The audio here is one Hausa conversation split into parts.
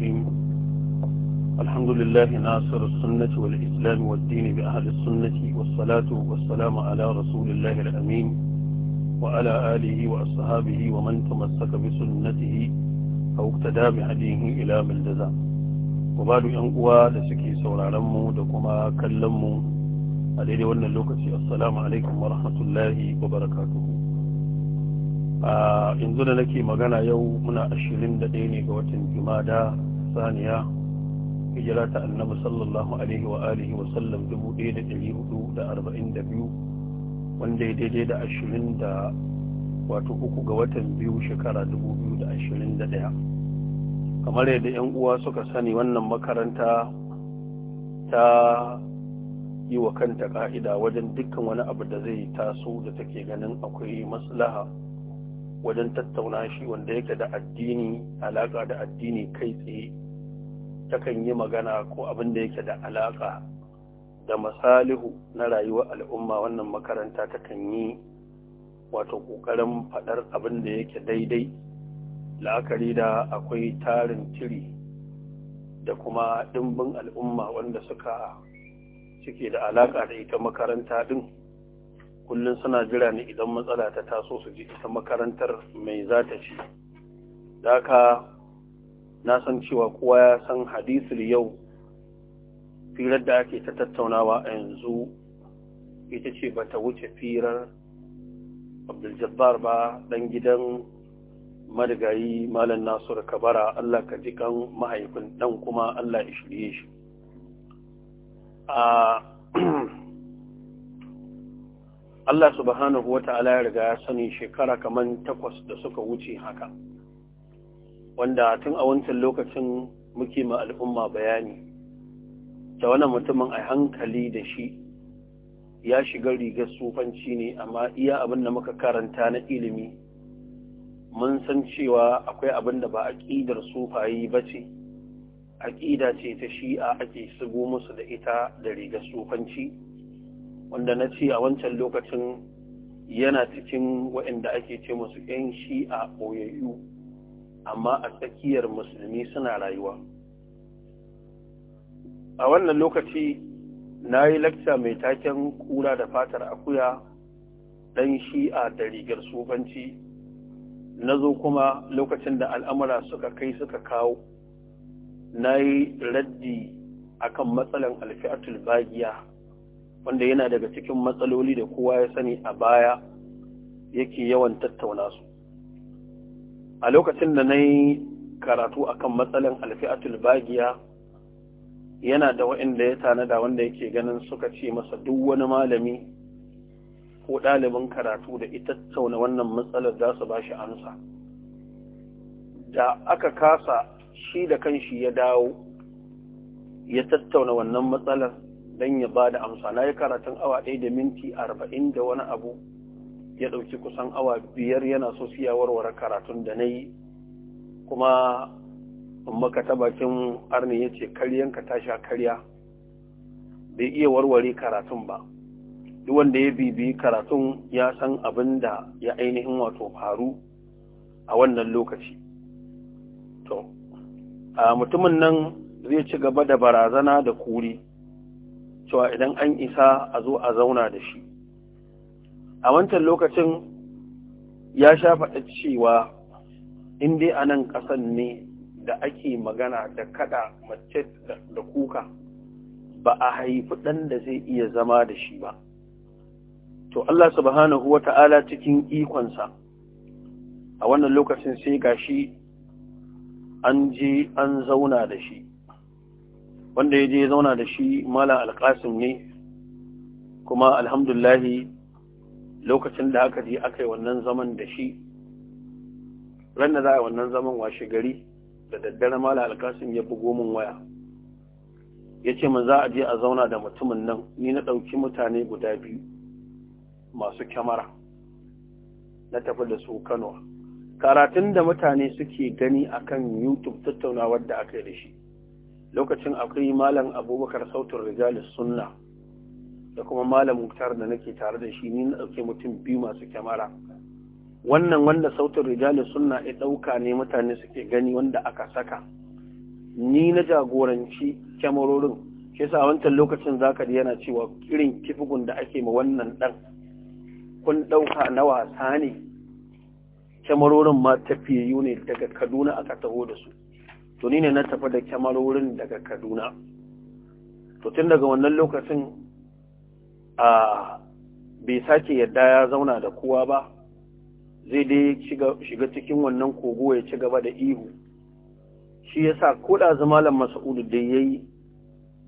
الرحيم الحمد لله ناصر السنة والإسلام والدين بأهل السنة والصلاة والسلام على رسول الله الأمين وعلى آله وأصحابه ومن تمسك بسنته أو اقتدى بهديه إلى ملجزا وبعد ينقوى لسكي سورة لمو دكما كلمو عليه وأن اللوكسي السلام عليكم ورحمة الله وبركاته a yanzu da nake magana yau muna ashirin da ɗaya ne ga watan jumada الثانية هجرة النبي صلى الله عليه وآله وسلم دبو إيدة اليهود دا أربعين دبيو وان دي دي دي دا أشرين دا واتو أكو قوتا بيو شكرا دبو بيو دا أشرين دا ديا كما لي دي uwa suka ساني wannan makaranta تا تا يوكن kanta ka'ida wajen dukkan wani abu da zai taso da take ganin akwai wajen tattauna shi wanda yake da addini alaƙa da addini kai tsaye takan yi magana ko abin da yake da alaƙa da masalihu na rayuwar al'umma wannan makaranta takan yi wato ƙoƙarin faɗar abin da yake daidai la'akari da akwai tarin tiri da kuma ɗimbin al'umma wanda suka suke da alaƙa da ita makaranta din. kullum suna jira ne idan matsala ta taso su ji ita makarantar mai za ta ci da na san cewa kowa ya san hadisul yau firar da ake ta tattaunawa a yanzu ita ce ba ta wuce firar abdul ba dan gidan marigayi malam nasur kabara allah ka ji kan mahaifin dan kuma allah ya shirye shi Allah subhanahu wata'ala ya riga ya sani shekara kamar takwas da suka wuce haka wanda tun a wancan lokacin muke ma al'umma bayani da wani mutumin a hankali da shi ya shiga rigar sufanci ne amma iya abin da muka karanta na ilimi mun san cewa akwai abin da ba aƙidar sufayi ba ce aƙida ce ta shi'a ake sigo musu da ita da rigar sufanci wanda na ce a wancan lokacin yana cikin waɗanda ake ce musu 'yan shi'a ɓoyayyu amma a tsakiyar musulmi suna rayuwa a wannan lokaci na yi lakta mai taken kura da fatar akuya ɗan shi'a da rigar sufanci na zo kuma lokacin da al'amura suka kai suka kawo na yi raddi akan matsalan alfi'atul bagiya wanda yana daga cikin matsaloli da kowa ya sani a baya yake yawan tattauna su a lokacin da na yi karatu akan kan matsalin alfi'atul bagiya yana da wa'inda ya tanada wanda yake ganin suka ce masa duk wani malami ko ɗalibin karatu da ita tattauna wannan matsalar za su ba shi amsa da aka kasa shi da kanshi ya dawo ya tattauna wannan matsalar dan ya ba da amsa na yi karatun awa ɗaya da minti arba'in da wani abu ya ɗauki kusan awa biyar yana so siya warware karatun da na yi kuma maka ta bakin arni ya ce karyanka ta sha karya bai iya warware karatun ba duk wanda ya bibiyi karatun ya san abin da ya ainihin wato faru a wannan lokaci to a mutumin nan zai ci gaba da barazana da kuri cewa idan an isa a zo a zauna da shi a wancan lokacin ya sha faɗa cewa in dai a nan ƙasan ne da ake magana da kaɗa mace da kuka ba a haifi ɗan da zai iya zama da shi ba to Allah subhanahu wa ta'ala cikin ikonsa a wannan lokacin sai gashi an je an zauna da shi wanda ya je zauna da shi mala alƙasim ne kuma alhamdulahi lokacin da aka je aka yi wannan zaman da shi ran da za a yi wannan zaman washe gari da daddare mala alƙasim ya bugo min waya ya ce min za a je a zauna da mutumin nan ni na ɗauki mutane guda biyu masu kyamara na tafi da su kano karatun da mutane suke gani akan youtube tattaunawar da aka yi da shi lokacin akwai malam abubakar sautin rijalis sunna da kuma malam muktar da nake tare da shi ni na ɗauke mutum biyu masu kyamara wannan wanda sautin rijalis sunna ya ɗauka ne mutane suke gani wanda aka saka ni na jagoranci kyamarorin ke yasa wancan lokacin zaka ka yana cewa irin kifigun da ake ma wannan ɗan kun ɗauka na wasa ne kyamarorin ma tafiyayyu ne daga kaduna aka taho da su to ni ne na tafi da kyamarorin daga kaduna to tun daga wannan lokacin a bai sake yadda ya zauna da kowa ba zai dai shiga cikin wannan kogo ya ci gaba da ihu shi ya sa koda zamalan masa'udu da ya yi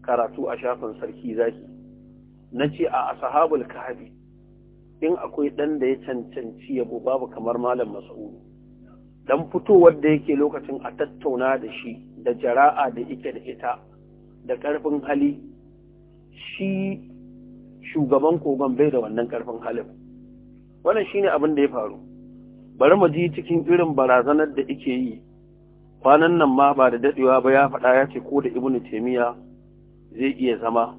karatu a shafin sarki zaki na ce a asahabul kahabi in akwai ɗan da ya cancanci yabo babu kamar malam masa'udu dan fitowar da yake lokacin a tattauna da shi da jara'a da ike da ita da ƙarfin hali shi shugaban kogon bai da wannan ƙarfin halin wannan shine abin da ya faru bari mu ji cikin irin barazanar da ike yi kwanan nan ma ba da daɗewa ba ya faɗa ya ce ko da ibnu taimiya zai iya zama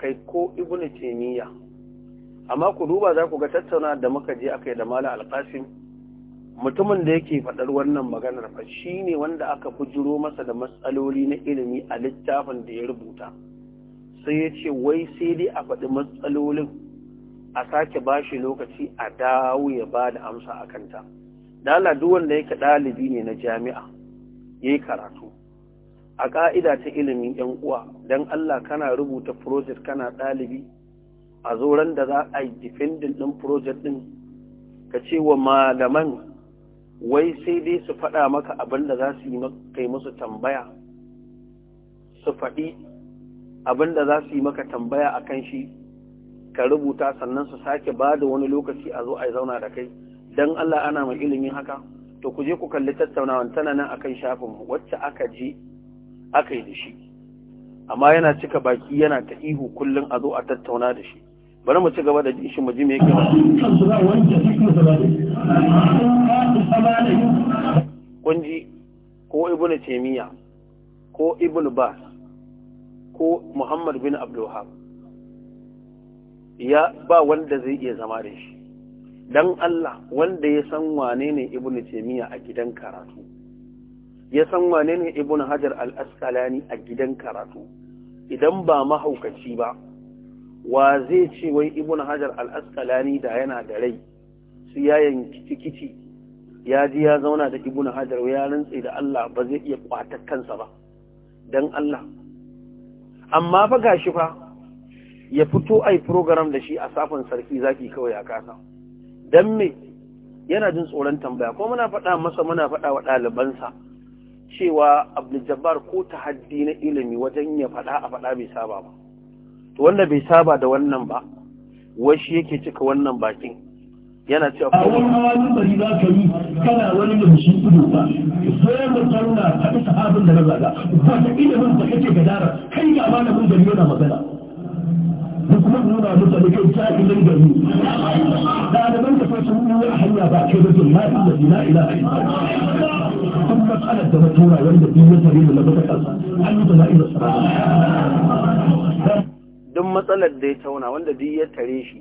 kai ko ibnu taymiya amma ku duba za ku ga tattauna da muka je aka da malam alqasim mutumin da yake faɗar wannan maganar fa shine wanda aka bujuro masa da matsaloli na ilimi a littafin da ya rubuta sai ya ce wai sai dai a faɗi matsalolin a sake bashi lokaci a dawo ya ba da amsa a kanta. Dala duk wanda yake ɗalibi ne na jami'a ya yi karatu. a ƙa'ida ta ilimin ‘yan uwa don Allah kana rubuta project kana ɗalibi a zoron da za a yi defending ɗin project ɗin ka ce wa malaman wai sai dai su faɗa maka abin da za su yi kai musu tambaya su faɗi abin da za su yi maka tambaya a kan shi ka rubuta sannan su sake ba da wani lokaci a zo a yi zauna da kai don Allah ana mai ilimin haka to ku je ku kalli tattaunawan tana nan akan shafin wacce aka je aka yi da shi amma yana cika baki yana ta ihu kullum a zo a tattauna da shi bari mu ci gaba da shi mu ji me yake kunji ko ibnu taymiya ko ibnu ba ko muhammad bin abdulhab ya ba wanda zai iya zama da shi dan Allah wanda ya san wane ne ibnu taymiya a gidan karatu ya san wane ne ibn hajar al-asqalani a gidan karatu idan ba mahaukaci ba wa zai ce wai ibn hajar al-asqalani da yana da rai su yayin yanki kici ya ji ya zauna da ibn hajar ya rantse da Allah ba zai iya kwata kansa ba dan Allah amma fa gashi fa ya fito ai program da shi a safin sarki zaki kawai a kasa dan me yana jin tsoron tambaya ko muna faɗa masa muna faɗa wa ɗalibansa cewa Jabbar ko tahaddi na ilimi wajen ya faɗa a faɗa bai saba ba to wanda bai saba da wannan ba washi shi yake cika wannan bakin yana cewa a wani hawa bari za ka yi kana wani da shi kudu ba sai mu a faɗi sahabin da na zaga ba ta ilimin ba kake gadara kai ga malamin da yana magana dukkan nuna musa da kai jaki nan gari ɗaliban da fasu nuna a hanya ba kai da zuwa da ila ila kun matsalar da matura wanda duk ya tare da labar ƙasa an yi zama ila tsara duk matsalar da ya tauna wanda duk ya tare shi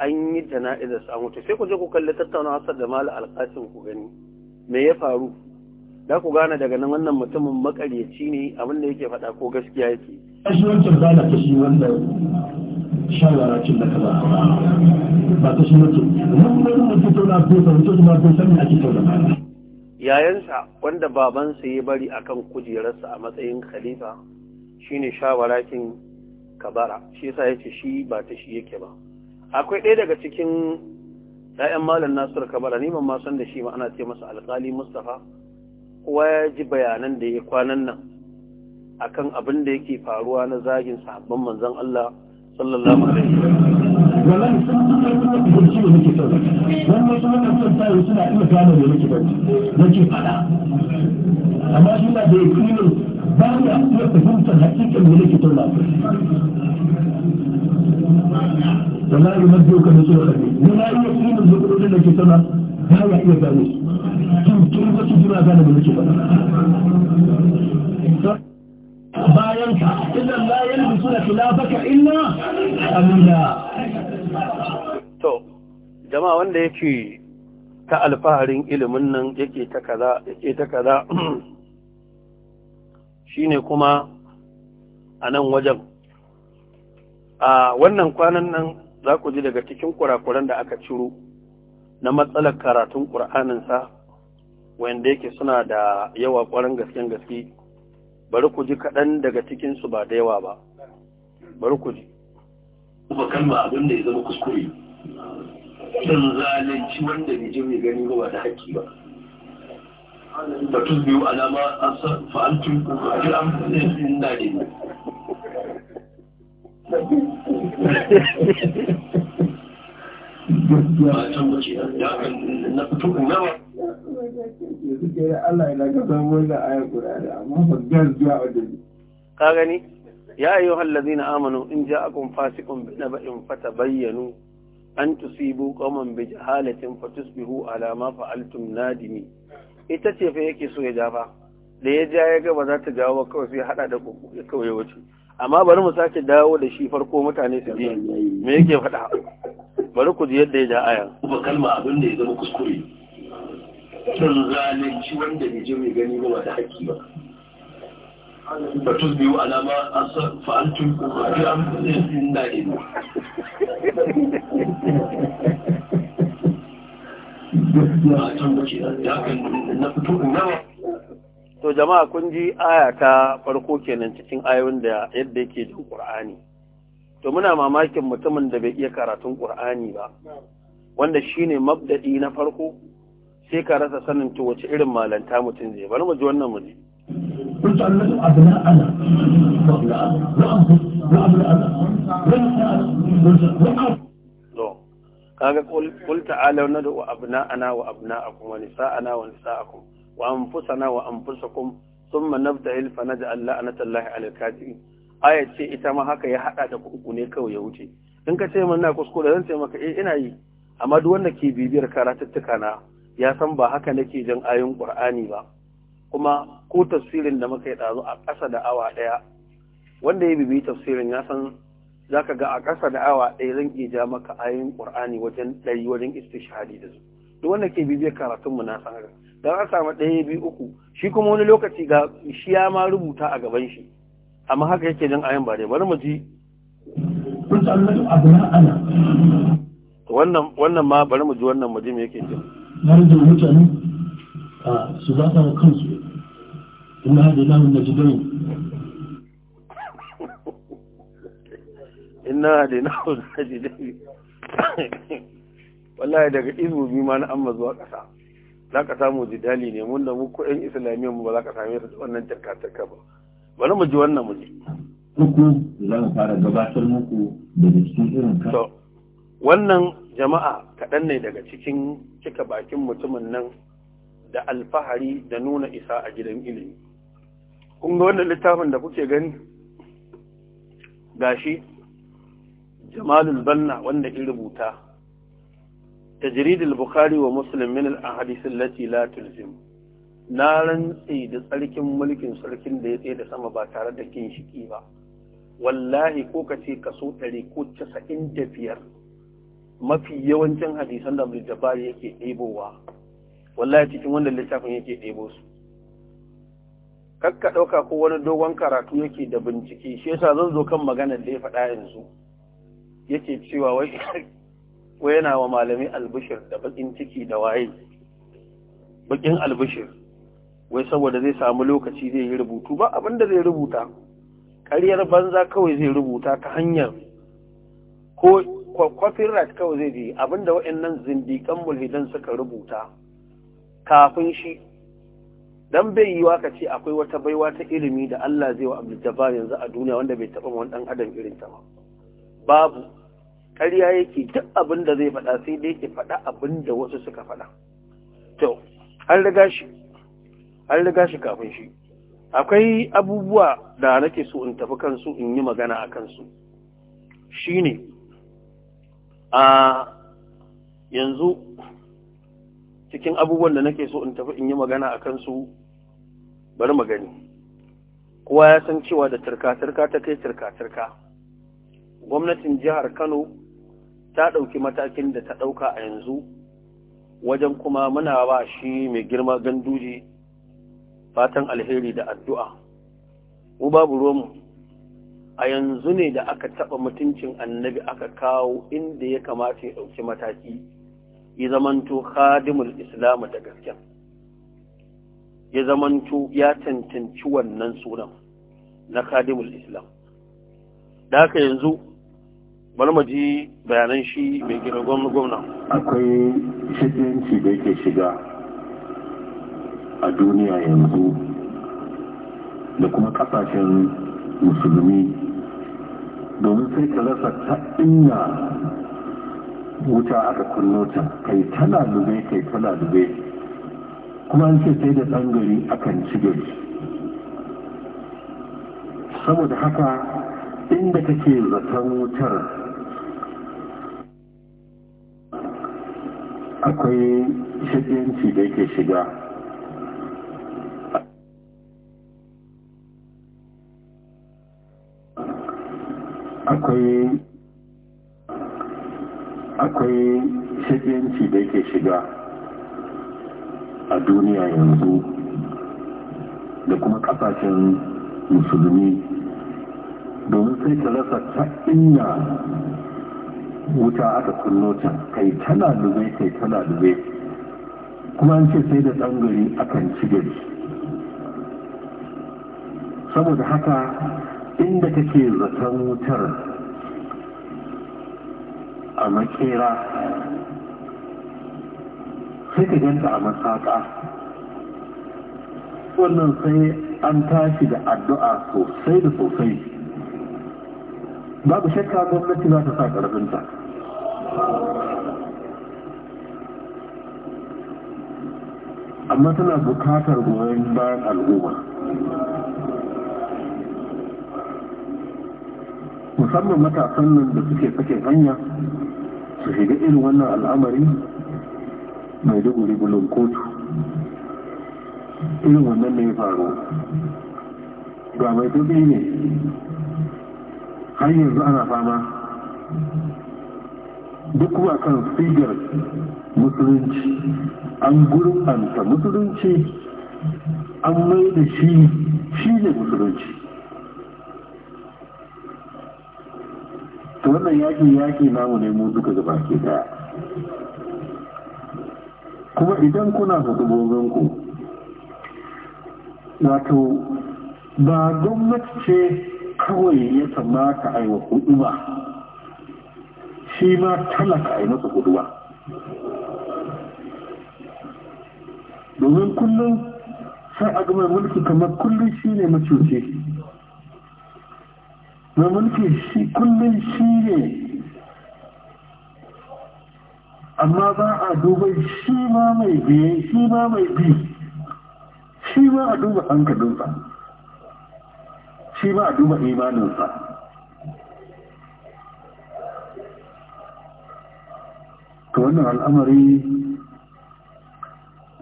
an yi jana'izar samu ta sai ku je ku kalli tattauna hasar da mala alƙasin ku gani me ya faru da ku gane daga nan wannan mutumin makaryaci ne abin da yake faɗa ko gaskiya yake kasuwancin ba da kashi wanda shawara da kaza ba ta wani mutum na yayansa wanda babansa ya bari akan kujerarsa a matsayin khalifa shine shawarakin kabara shi yasa yace shi ba ta shi yake ba akwai ɗaya daga cikin ɗayan malam Nasiru kabara ni ban ma san da shi ma ana ce masa alƙali Mustafa kowa ya ji bayanan da ya kwanan nan akan abin da yake faruwa na zagin sahabban manzon Allah sallallahu alaihi wasallam suna iya gane da nake bari ke fada amma shi na da yakinin ba ya iya fahimtar hakikan da nake tauna wallahi da ka da tsoron ne na iya yakinin da da ke tauna ba ya iya gane gane idan illa amina to jama'a wanda yake ta alfaharin ilimin nan yake ta kaza yake ta kaza shine kuma a nan wajen a wannan kwanan nan za ku ji daga cikin kurakuran da aka ciro na matsalar karatun ƙur'aninsa wanda yake suna da yawa ƙwarin gasken gaske bari ku ji kaɗan daga cikinsu ba da yawa ba bari ku ji kuma kalma abin da ya zama kuskure sun zalunci wanda bai ji mai gani ba da haƙƙi ba batun biyu alama an san fa'altun kuma ji an fi na ne ba can wace ya na fito in yawa ka gani ya yi hallazi na amanu in ja akun fasikun na ba'in fata bayyanu an tusibu kauman bi jahalatin fa tusbihu ala fa'altum nadimi ita ce fa yake so ya jafa da ya ja ya ga ba za ta jawo ba kawai sai hada da kawai ya wuce amma bari mu sake dawo da shi farko mutane su je me yake faɗa bari ku ji yadda ya ja aya kuma kalma abin da ya zama kuskure sun zalunci wanda bai je mai gani ba da haƙi ba ba biyu alama a fa'antun ƙoƙari an fi da ido to jama'a kun ji aya ta farko kenan cikin ayoyin da yadda yake jin ƙur'ani to muna mamakin mutumin da bai iya karatun ƙur'ani ba wanda shine mabdadi na farko sai ka rasa sanin to wace irin malanta mutum zai bari mu ji wannan mu ne قلت أن لكم kaga qul ta'ala nad'u abna'ana wa abna'akum wa nisa'ana wa nisa'akum wa anfusana wa anfusakum thumma nabda'il fa naj'al la'nata Allahi 'alal kafirin aya ce ita ma haka ya hada da uku ne kawai ya wuce in ka ce min na kuskure zan ce maka eh ina yi amma duk wanda ke bibiyar karatuttuka na ya san ba haka nake jan ayoyin Qur'ani ba kuma ko tafsirin da muka yi ɗazu a ƙasa da awa ɗaya wanda ya bibi tafsirin ya san zaka ga a ƙasa da awa ɗaya zan iya ja maka ayoyin Qur'ani wajen ɗari wajen istishhadi da su duk wanda ke bibiyar karatun mu na san haka dan a samu ɗaya biyu uku shi kuma wani lokaci ga shi ya ma rubuta a gaban shi amma haka yake jan ayoyin ba dai bari mu ji wannan wannan ma bari mu ji wannan mu ji me yake cewa harin mutane a su zaɓa wa kansu ina da lahun na jidan ina da lahun na jidan wallahi daga izubi ma na amma zuwa ƙasa za ka samu jidali ne mun da muku yan islamiyyar mu ba za ka same su wannan tarka-tarka ba bari mu ji wannan mu ji uku za mu fara gabatar muku daga cikin irin ka wannan jama'a kaɗan ne daga cikin cika bakin mutumin nan da alfahari da nuna isa a gidan ilimi kun ga wannan littafin da kuke gani gashi jamalul banna wanda in rubuta tajridul bukhari wa muslim min al ahadith allati la tulzim na rantsi da tsarkin mulkin sarkin da ya tsaye da sama ba tare da kin shiki ba wallahi ko ka ce kaso ɗari ko biyar mafi yawancin hadisan da Abdul Jabbar yake ɗebowa wallahi cikin wanda littafin yake ɗebo su kakka ɗauka ko wani dogon karatu yake da bincike shi yasa zan zo kan magana da ya faɗa yanzu yake cewa wai wai yana wa malamai albishir da bakin ciki da waye bakin albishir wai saboda zai samu lokaci zai yi rubutu ba abin da zai rubuta ƙaryar banza kawai zai rubuta ta hanyar ko copyright kawai zai je abinda waɗannan zindikan mulhidan suka rubuta kafin shi dan bai yi waka ce akwai wata baiwa ta ilimi da Allah zai wa Abdul Jabbar yanzu a duniya wanda bai taba wani dan adam irin ta ba babu ƙarya yake duk abin da zai faɗa sai dai ke faɗa abin da wasu suka faɗa to an riga shi an riga shi kafin shi akwai abubuwa da nake so in tafi kansu in yi magana a kansu shine a yanzu cikin abubuwan da nake so in tafi in yi magana a kansu bari magani kowa ya san cewa da turka-turka ta kai turka-turka gwamnatin jihar kano ta ɗauki matakin da ta ɗauka a yanzu wajen kuma muna ba shi mai girma ganduji fatan alheri da addu'a mu babu ruwanmu a yanzu ne da aka taɓa mutuncin annabi aka kawo inda ya kamata ya ɗauki mataki ya zamanto khadimul islamu da gasken ya zamanto ya cancanci wannan sunan na khadimul islam da haka yanzu bari mu ji bayanan shi mai gina gwamna akwai shigenci da yake shiga a duniya yanzu da kuma kasashen musulmi domin sai ka rasa ta inya wuta aka kunno ta kai tana lube kai tana lube kuma an ce sai da ɗan gari akan ci gari saboda haka inda kake zaton wutar akwai shaɗiyanci da yake shiga akwai akwai shigenci da yake shiga a duniya yanzu da kuma kasashen musulmi domin sai ta rasa ta inda wuta aka kunno ta kai tana lube kai tana lube kuma an ce sai da gari akan ci gari saboda haka inda take zaton wutar a makera sai ka ganta a masaka wannan sai an tashi da addu'a sosai da sosai babu shakka gwamnati za ta sa ƙarfinta amma tana bukatar goyon bayan al'umma musamman matasan nan da suke sake hanya su shiga irin wannan al'amari mai duguri bulon kotu irin wannan ne ya faru ga mai dubi ne har yanzu ana fama duk kuma kan sigar musulunci an gurbanta musulunci an mai da shi shi ne musulunci wannan yakin yaki namu ne mu duka gaba ke daya kuma idan kuna hudubobinku wato ba gwamnati ce kawai ya kamata a yi wa hudu ba shi ma talaka a yi masa hudu ba domin kullum sai a gama mulki kamar kullum shi ne macuci mai mulki shi kullum shi ne amma ba a duba shi ma mai biye shi ma mai bi shi ma a duba hankalinsa shi ma a duba imaninsa ta wannan al'amari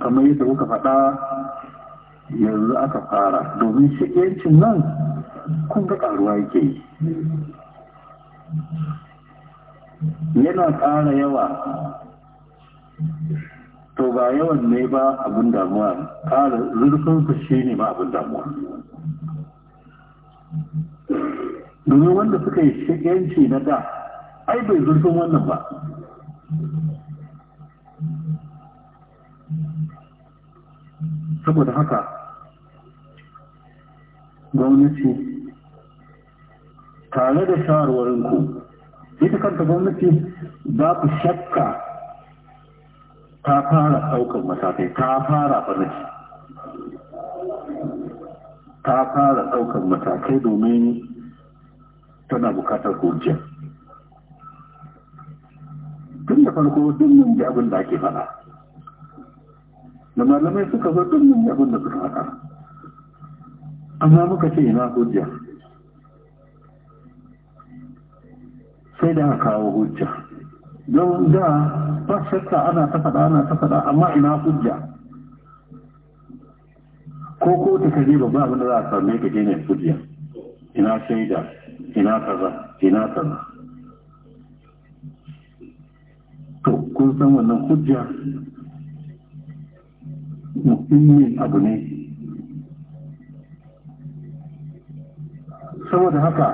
kamar yadda kuka faɗa yanzu aka fara domin shi yancin nan kun ga karuwa yake yi yana ƙara yawa to ba yawan ne ba abin damuwa ƙara zurfin shi ne ba abin damuwa domin wanda suka yi shigenci na da ai bai zurfin wannan ba saboda haka gwamnati tare da shawarwarinku ita kanta gwamnati ku shakka ta fara ɗaukar matakai ta fara barci ta fara ɗaukar matakai domin tana bukatar hujjar tun da farko duk mun ji abin da ake fara, da malamai suka zo duk mun ji abin da suka fara amma muka ce ina hujjar sai da aka kawo hujja don da ba shakka ana ta faɗa ana ta faɗa amma ina hujja ko ko ta kaje ba ba da za a same ka je ne hujja ina shaida ina kaza ina kaza to kun san wannan hujja muhimmin abu ne saboda haka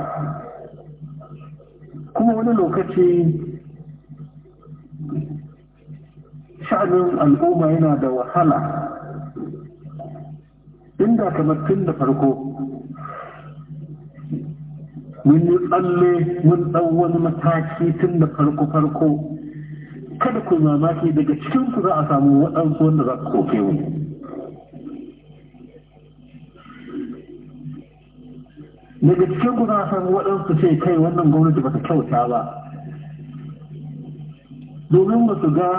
kuma wani lokaci sha'anin al'umma yana da wahala inda kamar tun da farko mun yi tsalle mun ɗan wani mataki tun da farko-farko kada ku mamaki daga cikinku za a samu waɗansu wanda za ku koke wani daga cikin ku san waɗansu ce kai wannan gwamnati ba ta kyauta ba domin ba su ga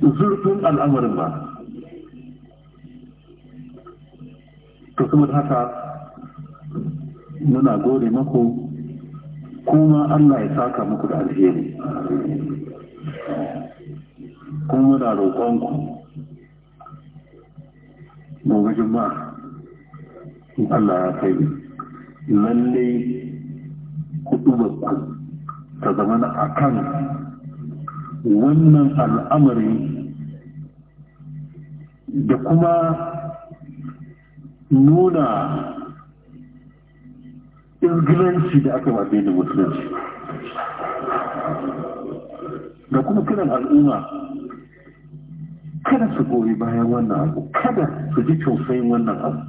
zurfin al'amarin ba to kuma haka muna gode mako kuma Allah ya saka muku da alheri kuma muna roƙonku gobe juma'a Allah ya kai lallai ku ta zama a kan wannan al'amari da kuma nuna izgilanci da aka waɗe da musulunci da kuma kiran al'umma kada su goyi bayan wannan abu kada su ji tausayin wannan abu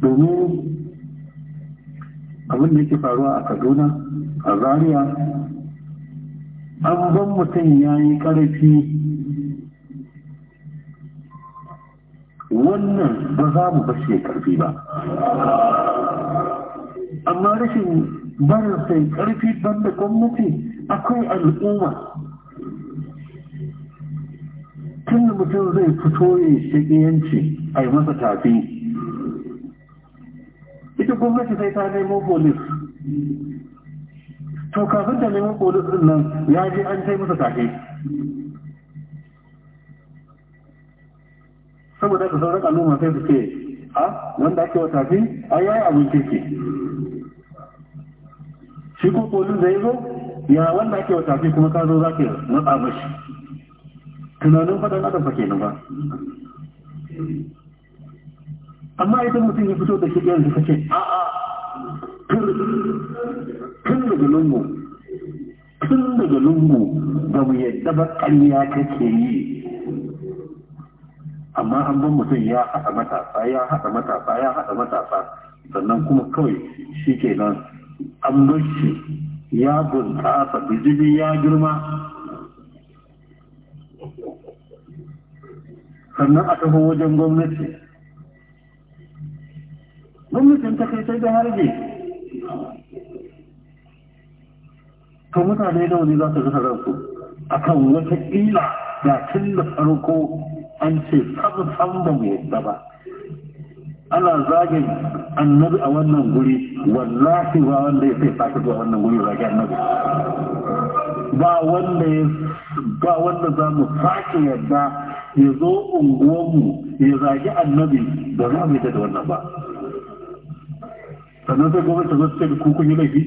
domin abin da yake faruwa a kaduna a zariya an ban mutum ya yi ƙarfi wannan ba za mu ba ya ƙarfi ba amma rashin barin sai ƙarfi ban da gwamnati akwai al'umma tun da mutum zai fito ya shaƙiyanci a yi masa tafi gwamnati sai ta nemo polis to kafin ta nemo polis din nan ya ji an kai masa take saboda ka sauran al'umma sai su ce a wanda ake wata fi a yayi abin kirki shi ko polis da ya zo ya wanda ake wata fi kuma ka zo za ka matsa mashi tunanin faɗin adam fa kenan ba amma idan mutum ya fito da shi yanzu ka ce a'a tun daga lungu tun daga lungu ba mu yadda ba ƙarya kake yi amma an ban mutum ya haɗa matasa ya haɗa matasa ya haɗa matasa sannan kuma kawai shi ke nan an bar shi ya bunƙasa bijimi ya girma sannan a taho wajen gwamnati gwamnatin ta kai sai da harbe to mutane nawa ne za su zuwa ransu a kan wata ƙila da tun da farko an ce samun da mu yadda ba ana zagin annabi a wannan guri shi ba wanda ya sai fata zuwa wannan guri zagi annabi ba wanda ya ba wanda za mu sake yadda ya zo unguwanmu ya zagi annabi ba za mu yi da wannan ba sannan sai gwamnati zo ce ku kun yi laifi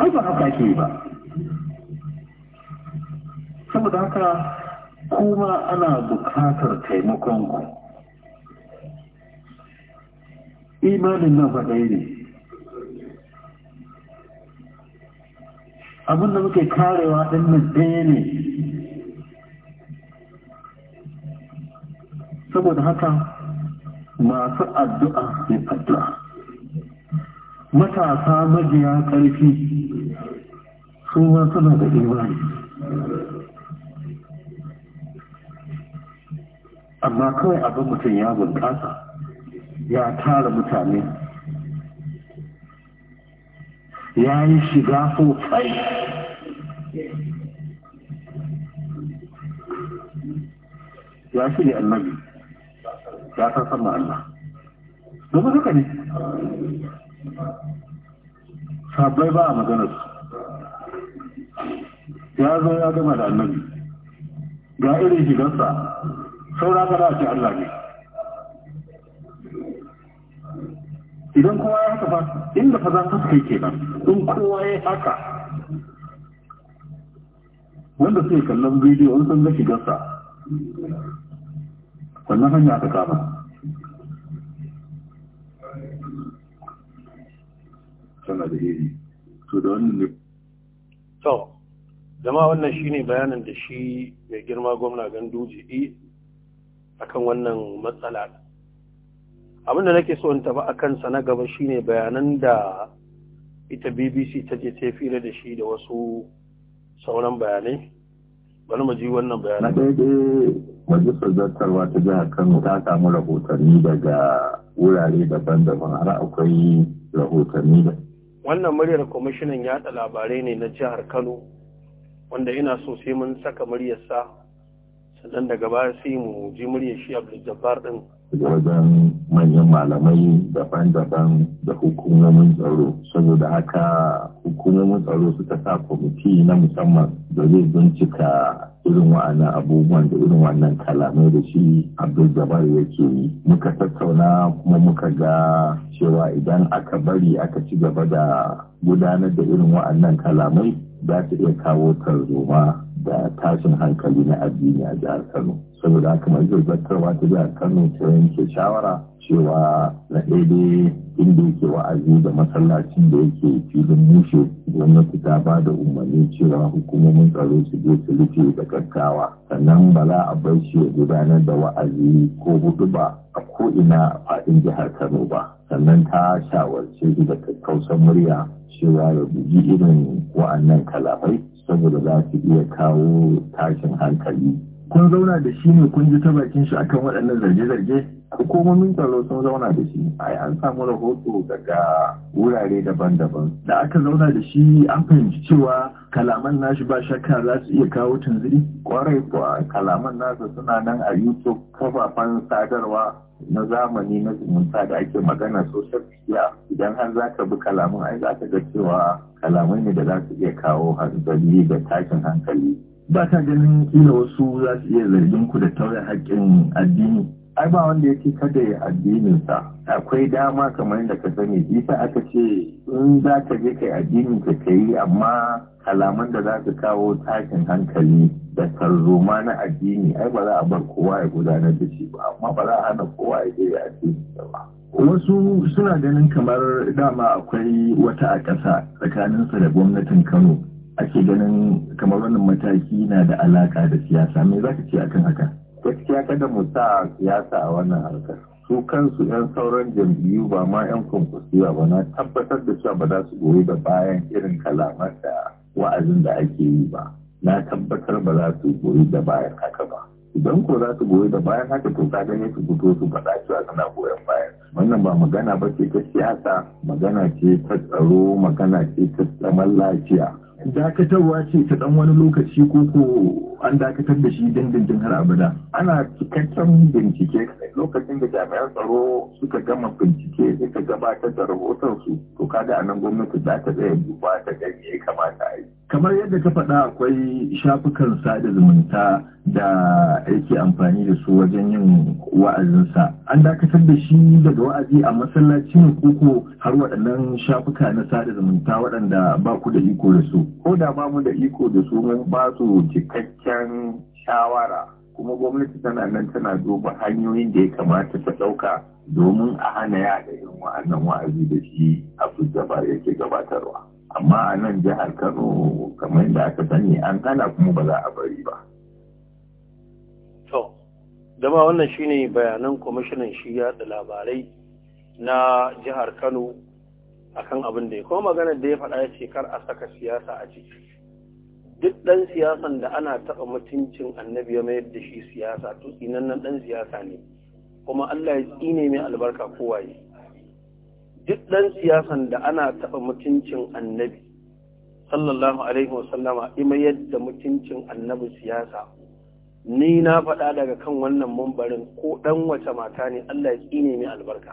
ai ba haka ake yi ba saboda haka kuma ana bukatar taimakonku. imanin nan faɗai ne abinda muke karewa ɗin nan ɗaya ne saboda haka masu addu'a ne addu'a matasa majiya ƙarfi sun ma suna da imani amma kawai abin mutum ya bunƙasa ya tara mutane ya yi shiga sosai ya shirya ne annabi ba ta san Allah domin haka ne sabai ba a maganar ya zo ya gama da annabi ga irin shigarsa saura ka ce Allah ne idan kowa ya haka ba inda fa za ta kai kenan in kowa ya haka wanda sai kallon bidiyo wani san ga shigarsa sannan hanya aka kama tana da iri to da wannan ne to jama'a wannan shine bayanin da shi mai girma gwamna ganduje e akan wannan matsala abinda nake so in taba a kansa na gaba shine bayanan da ita bbc ta je ta fira da shi da wasu sauran bayanai bari mu ji wannan bayanin na daidai majalisar zartarwa ta jihar kano ta samu rahotanni daga wurare daban-daban har akwai rahotanni da wannan muryar kwamishinan yaɗa labarai ne na jihar kano wanda ina so sai mun saka muryarsa sannan daga baya sai mu ji muryar shi abdul jabbar din daga wajen manyan malamai daban-daban da hukumomin tsaro saboda haka hukumomin tsaro suka sa kwamiti na musamman da zai bincika irin wa'annan abubuwan da irin wannan kalamai da shi abdul ya yake yi muka tattauna kuma muka ga cewa idan aka bari aka ci gaba da gudanar da irin wa'annan kalamai za ta iya kawo tarzoma da tashin hankali na addini a jihar Kano. Saboda haka mai zartarwa ta jihar Kano ta yanke shawara cewa na daidai inda yake wa'azi da masallacin da yake filin mushe gwamnati ta ba da umarni cewa hukumomin tsaro su je su rufe da gaggawa sannan ba za a bar shi ya gudanar da wa'azi ko hudu ba a ko'ina a faɗin jihar Kano ba sannan ta shawarce shi da kakkausar murya cewa ya guji irin wa'annan kalafai. saboda za su iya kawo tashin hankali kun zauna da shi ne kun ji ta bakin shi akan waɗannan zarge-zarge hukumomin tsaro sun zauna da shi ai an samu rahoto daga wurare daban-daban da aka zauna da shi an fahimci cewa kalaman nashi ba shakka za su iya kawo tunziri kwarai kuwa kalaman nasa suna nan a youtube kafafen sadarwa na zamani na zumunta da ake magana social media idan har za ka bi kalaman ai za ka ga cewa kalamai ne da za su iya kawo hanzari da tashin hankali ba ta ganin Ina wasu za su iya zargin ku da taurin haƙƙin addini ai ba wanda ya yake kada ya sa akwai dama kamar yadda ka sani isa aka ce in za ka je kai addinin ka kai amma kalaman da za su kawo takin hankali da tarzoma na addini ai ba za a bar kowa ya gudanar da shi ba amma ba za a hana kowa ya je ya sa ba wasu suna ganin kamar dama akwai wata a ƙasa tsakaninsa da gwamnatin kano ake ganin kamar wannan mataki na da alaka da siyasa me za ka ce akan haka gaskiya kada mu sa siyasa a wannan harkar su kansu 'yan sauran jam'iyyu ba ma 'yan kunkusiya ba na tabbatar da cewa ba za su goyi da bayan irin kalamar da wa'azin da ake yi ba na tabbatar ba za su goyi da bayan haka ba idan ko za su goyi da bayan haka to ka gane su fito su faɗa cewa suna goyon bayan wannan ba magana ba ce ta siyasa magana ce ta tsaro magana ce ta tsaman lafiya dakatarwa ce ta dan wani lokaci ko ko an dakatar da shi dindindin har abada ana cikakken bincike lokacin da jami'an tsaro suka gama bincike suka gabatar da rahoton su to kaga anan gwamnati za ta tsaya duba ta ga me kamata a yi kamar yadda ta faɗa akwai shafukan sada zumunta da yake amfani da su wajen yin wa'azinsa an dakatar da shi daga wa'azi a masallaci ne har waɗannan shafuka na sada zumunta waɗanda ba ku da iko da su ko da ba mu da iko da su mun ba su cikakken shawara kuma gwamnati tana nan tana duba hanyoyin da ya kamata ta ɗauka domin a hana yaɗa irin wa'annan wa'azi da shi a fujabar yake gabatarwa amma a nan jihar kano kamar da aka sani an hana kuma ba za a bari ba zama wannan shine bayanan kwamishinan shi da labarai na jihar kano akan abin da ya kuma maganar da ya faɗa ya ce kar a saka siyasa a ciki duk ɗan siyasan da ana taɓa mutuncin annabi ya mayar da shi siyasa to inan nan ɗan siyasa ne kuma Allah ya tsine mai albarka kowaye duk ɗan siyasan da ana taɓa mutuncin annabi sallallahu alaihi wasallama ima yadda mutuncin annabi siyasa ni na faɗa daga kan wannan mambarin ko ɗan wace mata ne Allah ya tsine mai albarka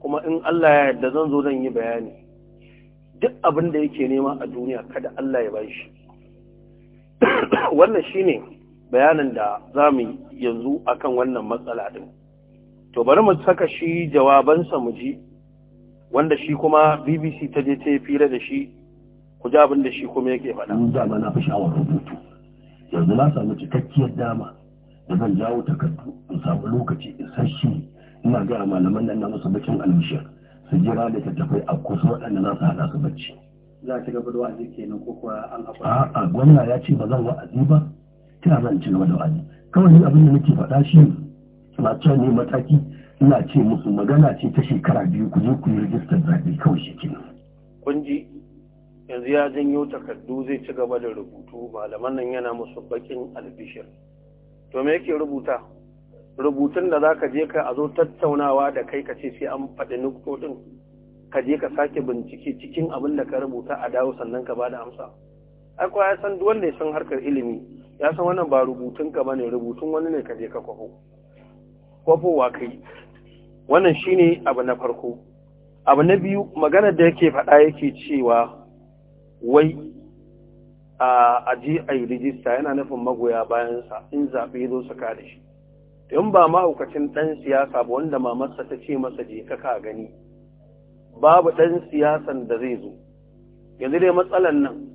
kuma in Allah ya yadda zan zo zan yi bayani duk abin da yake nema a duniya kada Allah ya bashi wannan shine bayanin da za mu yanzu akan wannan matsala din to bari mu saka shi jawabansa mu ji wanda shi kuma BBC ta je ta fira da shi ku ji abin da shi kuma yake faɗa. Mun na rubutu. yanzu na samu cikakkiyar dama da zan jawo takardu in samu lokaci isasshe ina gaya malaman nan na musu bakin almishir su jira da tattafai a kusa waɗanda za su hada su bacci. Za a ci gaba da wa'azi kenan ko kuwa an haɓa? A'a gwamna ya ce ba zan wa'azi ba, ta zan ci gaba da wa'azi. Kawai ni abin da nake faɗa shi na cewa ne mataki ina ce musu magana ce ta shekara biyu ku je ku yi rijistar zaɓe kawai shi kenan. Kun ji yanzu ya janyo takardu zai ci gaba da rubutu malaman nan yana musu bakin albishir to me yake rubuta rubutun da zaka je ka a zo tattaunawa da kai ka ce sai an faɗi nuktodin ka je ka sake bincike cikin abin da ka rubuta a dawo sannan ka bada amsa akwai ya san duwan wanda ya san harkar ilimi ya san wannan ba rubutun ka bane rubutun wani ne ka je ka kwafo Kwafo wa kai wannan shine abu na farko abu na biyu maganar da yake faɗa yake cewa wai a aji a yi rijista yana nufin magoya bayansa in zaɓe zo su kare shi in ba ma'aukacin ɗan siyasa ba wanda mamarsa ta ce masa je ka ka gani babu ɗan siyasan da zai zo yanzu dai matsalan nan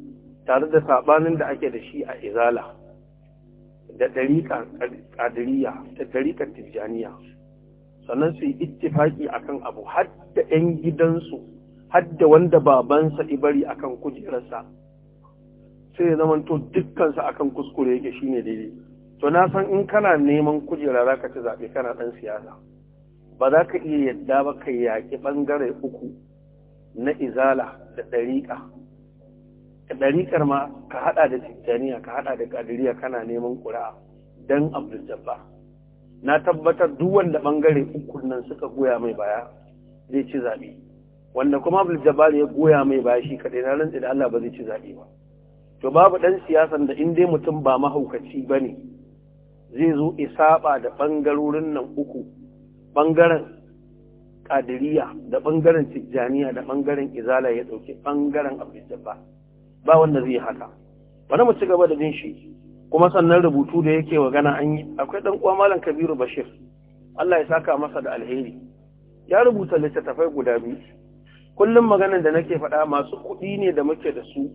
tare da saɓanin da ake da shi a izala da ɗariƙar ƙadiriya da tijjaniya sannan su yi a akan abu har da 'yan gidansu hadda wanda babansa ibari akan kujerarsa sai ya zama to dukkansa akan kuskure yake shine daidai to na san in kana neman kujera za ka ci zaɓe kana ɗan siyasa ba za ka iya yadda ba ka yaƙi ɓangare uku na izala da ɗariƙa da ɗariƙar ma ka haɗa da tijjaniya ka haɗa da ƙadiriya kana neman ƙuri'a don abdul na tabbatar duk wanda ɓangare uku nan suka goya mai baya zai ci zaɓe wanda kuma abu Jabbar ya goya mai bashi shi kadai na rantsi da Allah ba zai ci zabe ba to babu ɗan siyasan da in dai mutum ba mahaukaci ba ne zai zo isaɓa da ɓangarorin nan uku ɓangaren ƙadiriya, da ɓangaren tijjaniya da ɓangaren izala ya dauki ɓangaren abu Jabbar ba wanda zai haka Bana mu ci gaba da bin shi kuma sannan rubutu da yake gana an yi akwai ɗan uwa malam Kabiru Bashir Allah ya saka masa da alheri ya rubuta littattafai guda biyu kullum maganar da nake faɗa masu kuɗi ne da muke da su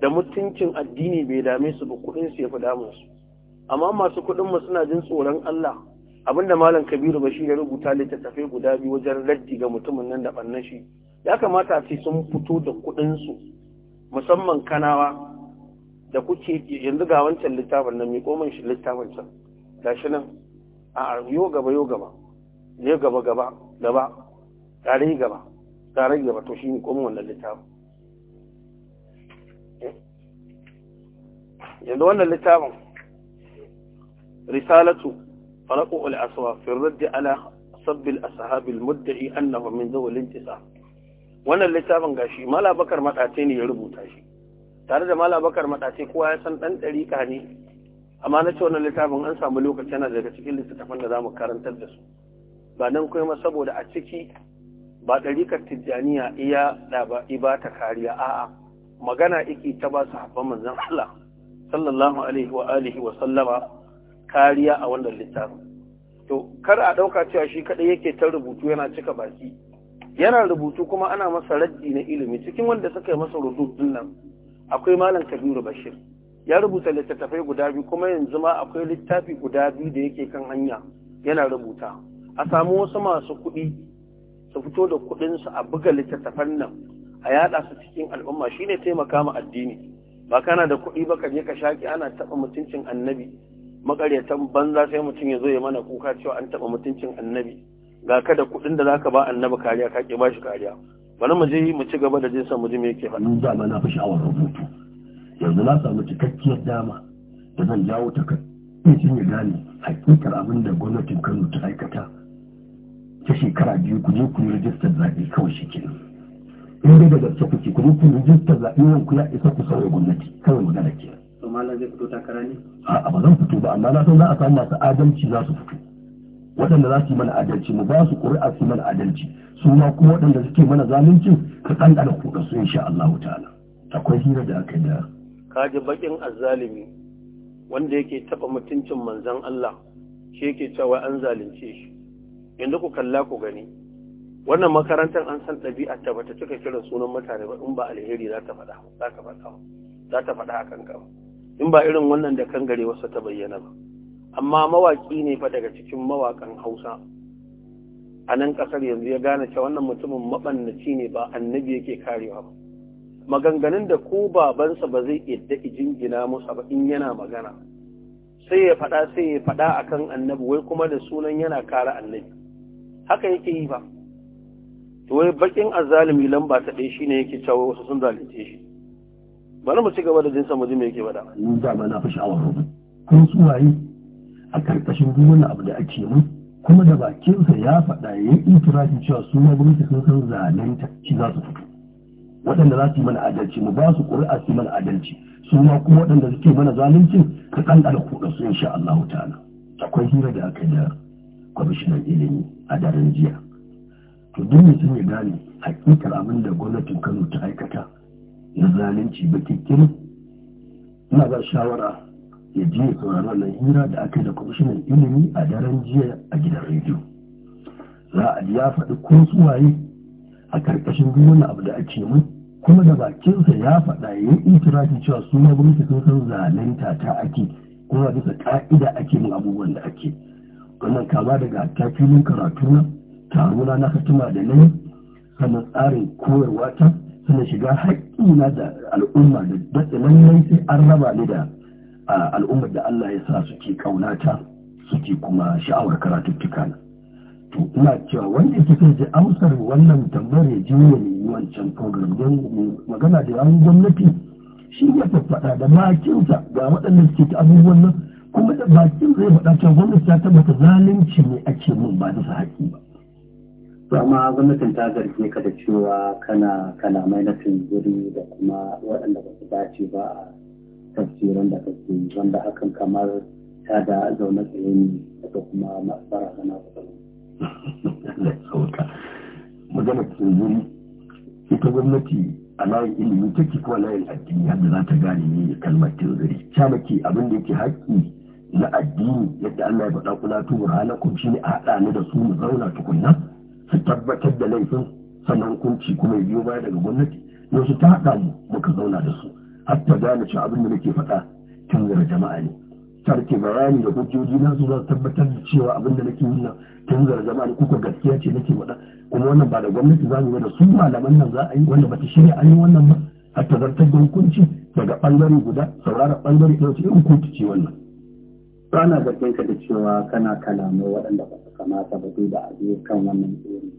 da mutuncin addini bai dame su ba kuɗin su ya fi damun amma masu kuɗin mu suna jin tsoron Allah abinda malam Kabiru shi ya rubuta littattafai guda biyu wajen raddi ga mutumin nan da bannan shi ya kamata a ce sun fito da kuɗin su musamman kanawa da kuke yanzu ga wancan littafin nan mai koman shi littafin can gashi nan a yo gaba yo gaba yo gaba gaba gaba tare gaba ta ba to shi ne komin wannan littafin eh? yanzu wannan littafin risalatu faraƙo al'aswa firar da ala sabbil asahabil mudda'i annahu min zawalin tisa wannan littafin gashi mala bakar matace ne ya rubuta shi tare da mala bakar matace kowa ya san dan ka ne amma na ce wannan littafin an samu lokaci yana daga cikin littattafan da za mu karantar da su ba nan kuma saboda a ciki ba ɗarikar tijjaniya iya ɗaba'i ba ta kariya a'a magana iki ta ba su haɓar manzan Allah sallallahu alaihi wa alihi wa sallama kariya a wannan littafi. to kar a ɗauka cewa shi kaɗai yake ta rubutu yana cika baki yana rubutu kuma ana masa raddi na ilimi cikin wanda suka yi masa rubutu nan akwai malam kabiru bashir ya rubuta littattafai guda biyu kuma yanzu ma akwai littafi guda biyu da yake kan hanya yana rubuta a samu wasu masu kuɗi su fito da kuɗinsu a buga littattafan nan a yaɗa su cikin al'umma shine taimaka ma addini ba kana da kuɗi ba ka ka shaki ana taɓa mutuncin annabi makaryatan banza sai mutum ya zo ya mana kuka cewa an taɓa mutuncin annabi ga ka da kuɗin da zaka ba annabi kariya ka ke ba shi kariya bari mu je mu ci gaba da jinsa mu ji me yake faɗa da mana fi sha'awar rubutu yanzu na samu cikakkiyar dama da zan jawo ta kai in ya gane hakikar abin da gwamnatin Kano ta aikata ta shekara biyu ku je ku yi rajistar zaɓe kawai shi in dai da gaske kuke ku je ku yi rajistar zaɓe nan ku ya isa ku sauya gwamnati kawai magana ke. to zai fito takara ne. a'a ba zan fito ba amma na san za a samu masu adalci za su fito waɗanda za su yi mana adalci mu ba su ƙuri'a su yi mana adalci su ma kuma waɗanda suke mana zalunci ka ɗanɗana kuɗa su insha Allah ta'ala akwai hira da aka yi da. ka ji baƙin azzalimi wanda yake taɓa mutuncin manzon Allah shi yake cewa an zalunce shi yanzu ku kalla ku gani wannan makarantar an san ɗabi'a ta bata cika kiran sunan mutane ba in ba alheri za ta faɗa za ka faɗa za ta faɗa akan ka in ba irin wannan da kan gare wasu ta bayyana ba amma mawaki ne fa daga cikin mawakan Hausa a nan ƙasar yanzu ya gane cewa wannan mutumin mabannaci ne ba annabi yake karewa ba maganganun da ko babansa ba zai yadda jingina musa ba in yana magana sai ya faɗa sai ya faɗa akan annabi wai kuma da sunan yana kara annabi haka yake yi ba to wai bakin azzalimi lamba ta ɗaya shine yake cawo wasu sun zalunce shi bari mu ci gaba da jinsa mutum yake bada ni da ba na fi sha'awar kun tsuwaye a karkashin duk wani abu da ake mu kuma da bakinsa ya faɗa ya yi itirafin cewa su ma gwamnati sun san zalunta shi za su fito waɗanda za su yi mana adalci mu ba su ƙuri'a su yi mana adalci su ma kuma waɗanda suke mana zaluncin ka da kuɗa su insha Allah ta'ala akwai hira da aka yi da kwamishinan ilimi a daren jiya to duk mutum ya gane hakikar abin da gwamnatin kano ta aikata na zalunci ba kiri ina ba shawara ya je ya saurari wannan hira da aka yi da kwamishinan ilimi a daren jiya a gidan rediyo za a ya faɗi ko suwaye a ƙarƙashin duk wani abu da ake mun kuma da bakinsa ya faɗa ya yi itirafi cewa su ma gwamnati sun san zalunta ta ake kuma bisa ƙa'ida ake mun abubuwan da ake wannan kama daga ta filin karatu na taro na na hatima da nayi sannan tsarin koyarwa ta sannan shiga haƙƙina da al'umma da batsinan lallai sai an raba ni da al'ummar da Allah ya sa suke ƙaunata suke kuma sha'awar karatuttuka na to ina cewa wanda yake kai ji amsar wannan tambayar ya ji ne wancan program don magana da yawon gwamnati shi ya faɗa da makinsa ga waɗannan suke ta abubuwan nan kuma da bakin zai faɗa cewa gwamnati ta tabbata zalunci ne ake mun ba da haƙi ba amma gwamnatin ta zarge ka da cewa kana kana mai na tunzuri da kuma waɗanda ba su dace ba a tafsirin da ka ke wanda hakan kamar ta da zaune tsaye ne da kuma masu barazana da magana tunzuri ita gwamnati a layin ilimi take ko layin addini yadda za ta gane ne kalmar tunzuri shamaki abin da yake haƙƙi na addini yadda Allah ya faɗa kula tu burhanakum shi ne a haɗa ni da su mu zauna tukunna su tabbatar da laifin sannan kunci kuma ya biyo baya daga gwamnati ne su ta haɗa mu muka zauna da su har ta gane cewa abin da nake faɗa tunzura jama'a ne tarke bayani da hujjoji na su za su tabbatar da cewa abin da nake yi na jama'a ne kuka gaskiya ce nake faɗa kuma wannan ba da gwamnati za mu yi da su malaman nan za a yi wanda bata shirya an yi wannan ba har ta zartar da hukunci daga ɓangare guda saurara ɓangare ɗaya su irin kotu ce wannan ana bakin ka da cewa kana kalamai waɗanda ba su kamata ba duk da abu kan wannan tsoro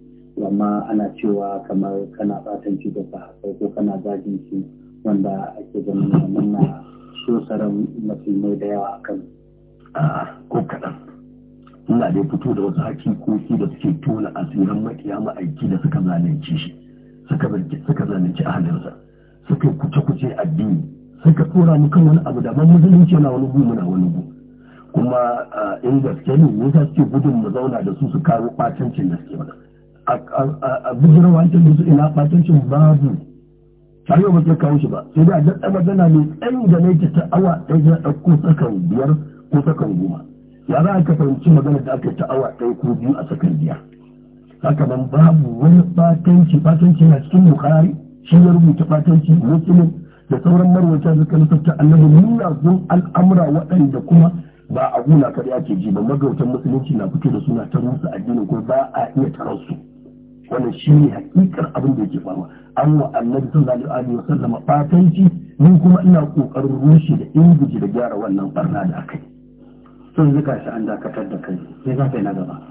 amma ana cewa kamar kana batanci da sahabbai ko kana zagin shi wanda ake ganin wannan na sosaran dayawa da yawa akan ko kaɗan ina dai fito da wasu hakikoki da suke tona asirin makiya ma'aiki da suka zalunci shi suka zalunci ahalinsa suka kuce-kuce addini suka tsora mu kan wani abu daban musulunci na wani gu muna wani gu kuma in gaske ne nisa suke gudun mu zauna da su su karo ɓatancin da suke mana a bijirar wancan su ina ɓatancin babu har yau ba zai kawo shi ba sai da daɗa magana ne ɗan da ne ta awa ɗaya ya ɗauko sakan biyar ko sakan goma ya za ka fahimci magana da aka ta awa ɗaya ko biyu a sakan biyar haka nan babu wani ɓatanci ɓatanci na cikin bukari shi ya rubuta ɓatanci musulun da sauran marwata suka lissafta annabi nuna gun al'amura waɗanda kuma ba a nuna kaɗai ake ji ba magautan musulunci na fito da suna ta rusa addinin ko ba a iya taron su wannan shi ne hakikar abin da yake faruwa an wa annabi sallallahu alaihi wa sallama fatanci ni kuma ina kokarin rushe da ingiji da gyara wannan barna da akai so yanzu shi an dakatar da kai sai za ka na gaba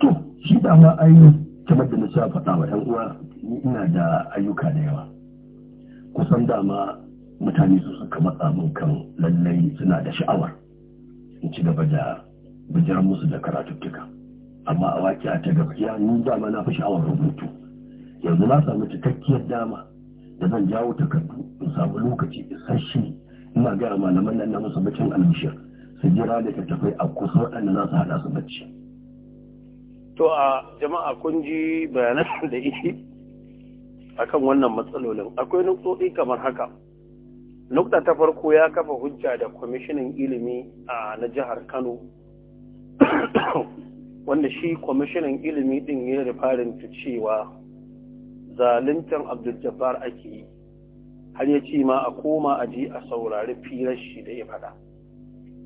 to shi da ma ai kamar da na sha faɗa wa ɗan uwa ina da ayyuka da yawa kusan dama mutane su suka matsa min kan lallai suna da sha'awar in ci gaba da bijar musu da karatuttuka amma a a ta gaskiya ni dama na fi sha'awar rubutu yanzu na samu cikakkiyar dama da zan jawo takardu in samu lokaci isasshe ina gaya malaman nan na musu bacin albishir su jira da tattafai a kusa waɗanda za su haɗa su bacci. To a jama'a kun ji bayanan da ishi akan wannan matsalolin akwai nutsotsi kamar haka. nukta ta farko ya kafa hujja da kwamishinan ilimi a na jihar kano wanda shi kwamishinan ilimi din ya da farin cewa zaluntar abdul ake yi har ya ce ma a koma a ji a saurari firar shi da ya faɗa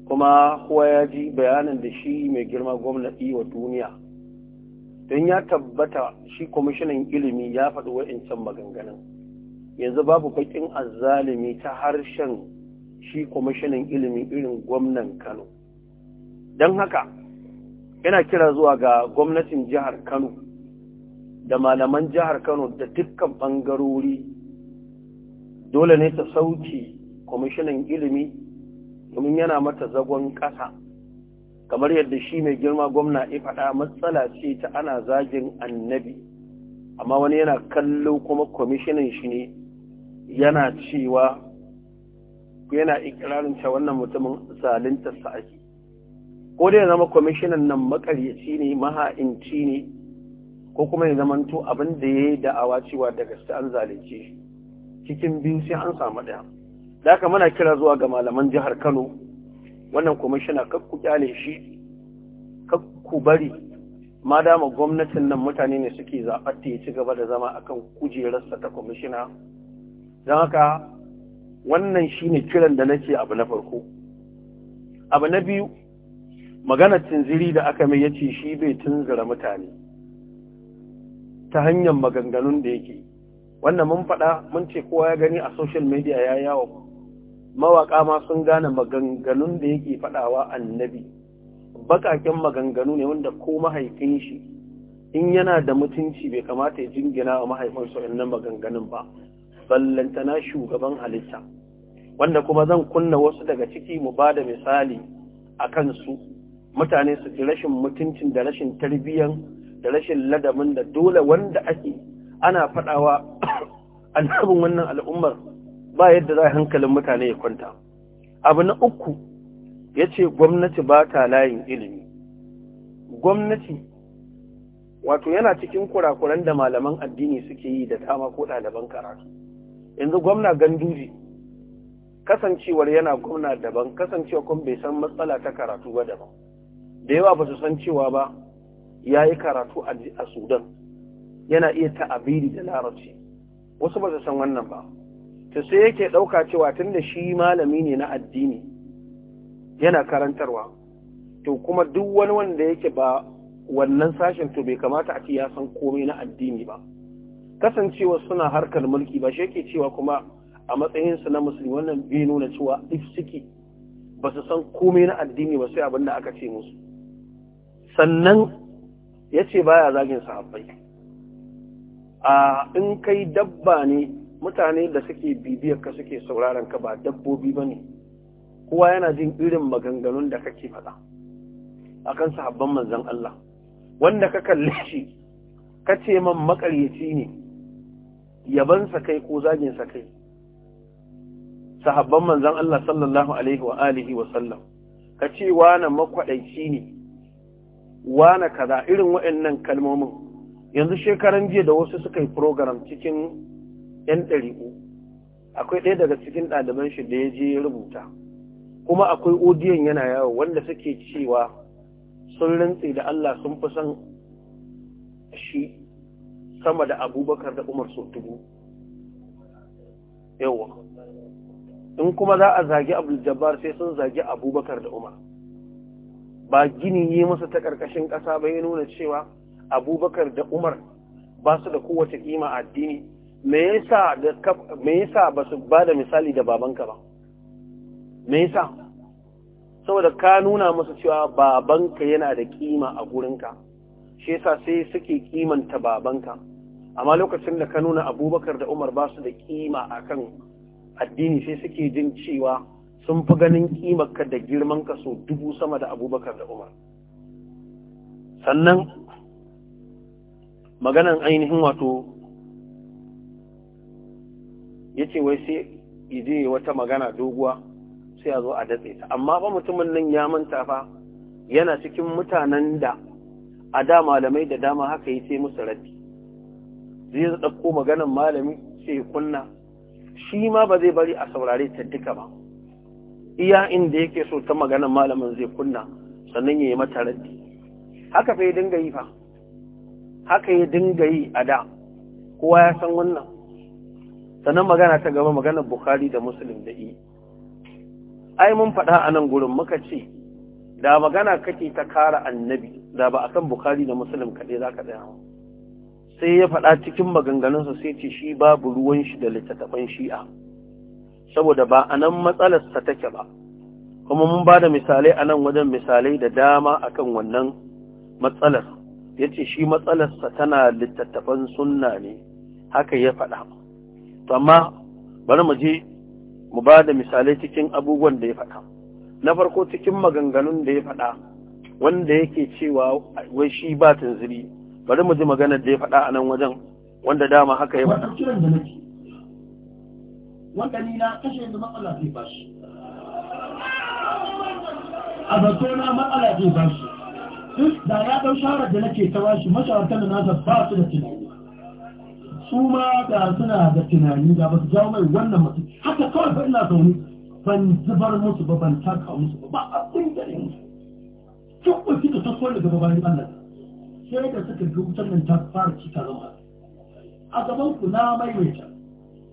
kuma kowa ya ji bayanin da shi mai girma gwamnati wa duniya don ya tabbata shi kwamishinan ilimi ya faɗi wa'incan maganganun yanzu babu bakin azalimi ta harshen shi kwamishinan ilimi irin gwamnan Kano. Don haka, yana kira zuwa ga gwamnatin jihar Kano da malaman jihar Kano da dukkan ɓangarori dole ne ta sauki kwamishinan ilimi domin yana mata zagon ƙasa. Kamar yadda shi mai girma gwamna ya faɗa matsala ce ta ana zagin annabi, amma wani yana kallo kuma kwamishinan shi ne yana cewa yana ikirarin cewa wannan mutumin zalinta sa ake ko dai ya zama kwamishinan nan makaryaci ne maha'inci ne ko kuma ya zamanto abin da ya yi da'awa cewa da gaske an zalunce shi cikin biyu sai an samu ɗaya da haka muna kira zuwa ga malaman jihar kano wannan kwamishina ku kyale shi ku bari ma dama gwamnatin nan mutane ne suke zaɓar ta ci gaba da zama akan kujerarsa ta kwamishina don haka wannan shine kiran da nake abu na farko abu na biyu maganar tunziri da aka mai yace shi bai tunzira mutane ta hanyar maganganun da yake wannan mun faɗa mun ce kowa ya gani a social media ya yawo mawaƙa ma sun gane maganganun da yake faɗawa annabi baƙaƙen maganganu ne wanda ko mahaifin shi in yana da mutunci bai kamata ya jingina wa mahaifinsa innan maganganun ba ballantana shugaban halitta wanda kuma zan kunna wasu daga ciki mu ba da misali a kansu mutane su ji rashin mutuncin da rashin tarbiyyan da rashin ladamin da dole wanda ake ana faɗawa alhabin wannan al'ummar ba yadda za hankalin mutane ya kwanta abu na uku ya ce gwamnati ba ta layin ilimi gwamnati wato yana cikin kurakuran da malaman addini suke yi da tama ko ɗaliban karatu yanzu gwamna ganduri kasancewar yana gwamna daban kasancewa kuma bai san matsala ta karatu ba daban da yawa ba su san cewa ba ya yi karatu a sudan yana iya ta'abiri da larabci wasu ba su san wannan ba ta sai yake ɗauka cewa tun da shi malami ne na addini yana karantarwa to kuma duk wani wanda yake ba wannan sashen to bai kamata a ce ya san komai na addini ba kasancewa suna harkar mulki ba shi yake cewa kuma a matsayinsu na musulmi wannan bai nuna cewa if suke ba su san komai na addini ba sai abin da aka ce musu sannan ya ce baya zagin sahabbai a in kai dabba ne mutane da suke bibiyar ka suke sauraron ka ba dabbobi ba ne kowa yana jin irin maganganun da kake faɗa akan sahabban manzan Allah wanda ka kalle shi ka ce man makaryaci ne yaban sa kai ko zagin sa kai sahabban manzon Allah sallallahu alaihi wa alihi wa sallam ka ce wani makwadaici ne wani kaza irin waɗannan kalmomin yanzu shekaran jiya da wasu suka yi program cikin yan ɗari'u akwai ɗaya daga cikin ɗaliban shi da ya je ya rubuta kuma akwai odiyon yana yawo wanda suke cewa sun rantse da Allah sun fi son shi sama da abubakar da umar so dubu yawa in kuma za a zagi abdul-jabbar sai sun zagi abubakar da umar ba gini yi masa ta ƙarƙashin ƙasa ba ya nuna cewa abubakar da umar ba su da kowace ƙima addini me yasa ba su ba da misali da babanka ba me yasa saboda ka nuna masa cewa babanka yana da ƙima a gurinka shi yasa sai suke kimanta babanka amma lokacin da ka nuna abubakar da umar ba su da kima a kan addini sai suke jin cewa sun fi ganin kimarka da girman ka so dubu sama da abubakar da umar sannan maganan ainihin wato ya ce wai sai ije wata magana doguwa sai a zo a datse ta amma fa mutumin nan ya manta fa yana cikin mutanen da a da malamai da dama haka yi sai musu rabi zai ɗauko maganin malami sai kunna shi ma ba zai bari a saurare ta duka ba iya inda yake so ta maganin malamin zai kunna sannan ya yi mata raddi haka fa ya dinga yi fa haka ya dinga yi a da kowa ya san wannan sannan magana ta gaba maganar bukhari da musulun da yi ai mun faɗa a nan gurin muka ce da magana kake ta kara annabi da ba a akan bukhari da musulun kaɗai za ka tsaya sai ya faɗa cikin maganganunsa sai ce shi babu ruwan shi da littattafan shi'a saboda ba a nan matsalarsa take ba kuma mun ba da misalai a nan wajen misalai da dama akan wannan matsalar ya ce shi matsalarsa tana littattafan sunna ne haka ya faɗa to amma bari mu je mu ba da misalai cikin abubuwan da ya faɗa na farko cikin maganganun da ya faɗa wanda yake cewa wai shi ba tanziri bari mu ji maganar da ya faɗa a nan wajen wanda dama haka ya faɗa kiran da nake wanda ni na kashe yanzu matsala zai ba shi a zato na matsala zai ba shi da ya ɗau shawarar da nake ta washi mashawartar da nasa ba su da tunani su ma da suna da tunani da ba su jawo mai wannan mutum haka kawai ba ina zaune ban zubar musu ba ban taka musu ba ba abin da ne musu duk wani suka tasowa daga babayin Allah sai da suka ga wutar nan ta fara cika zama a gaban ku na maimaita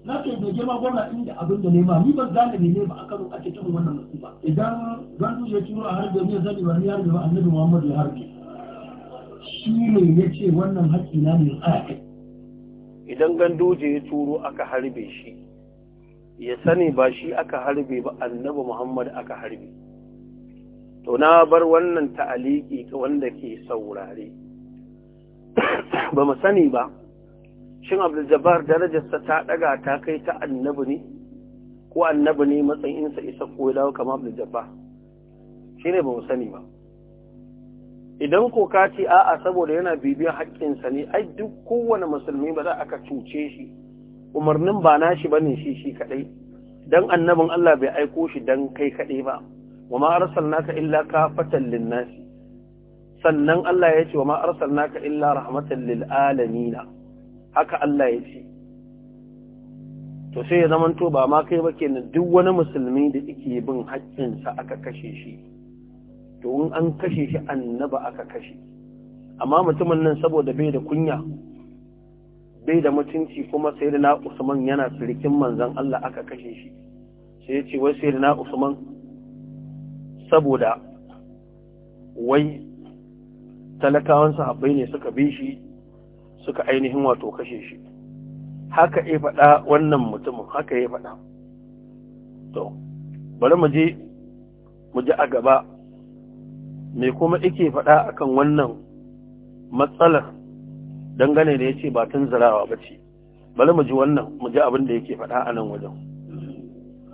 na ce da girma gwamna inda abin da nema ni ban gane ne ba aka zo ake cikin wannan musiba idan gandu ya turo a harbe ne zani ba ni harbe ba annabi muhammadu ya harbe shi ne ya ce wannan haƙƙi na ne a kai idan ganduje ya turo aka harbe shi ya sani ba shi aka harbe ba annabi muhammad aka harbe to na bar wannan ta'aliki ga wanda ke saurare ba mu sani ba shin abdul-jabbar darajarsa ta ɗaga ta kai ta annabi ne ko annabi ne matsayinsa isa ko dawo kama abdul-jabbar shi ne ba mu sani ba idan ko ka ce a'a saboda yana bibiyar sa ne ai duk kowane musulmi ba za a ka cuce shi umarnin ba na shi ne shi shi kaɗai dan annabin Allah bai aiko shi dan kai kaɗai ba wa ma arsalnaka illa ka lin linnasi. sannan Allah ya ce wa ma naka illa rahmatan lil haka Allah ya ce to sai ya zamanto ba ma kai ba kenan duk wani musulmi da ike bin haƙƙinsa aka kashe shi to in an kashe shi annaba aka kashe amma mutumin nan saboda bai da kunya bai da mutunci kuma sai da na Usman yana sirikin manzan Allah aka kashe shi sai ya ce wai sai da na Usman saboda wai talakawan sahabbai ne suka bi shi suka ainihin wato kashe shi haka ya faɗa wannan mutumin haka ya faɗa to bari mu je mu ji a gaba me kuma yake faɗa akan wannan matsalar dangane da ya ce ba tun zirawa ba ce bari mu ji wannan mu ji abin da yake faɗa a nan wajen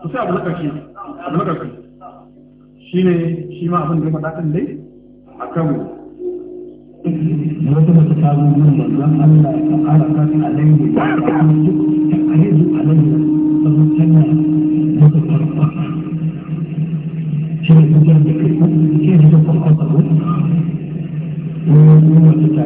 kusa abu abu na ƙarshe shi ne shi ma abin da ya faɗa kan dai a wata wata ta zo gun manzon Allah ta ƙara kan alaihi da kuma duk ta kare alaihi ta zo tana wata farfa shi ne kujar da kai shi ne ta farfa ta zo wata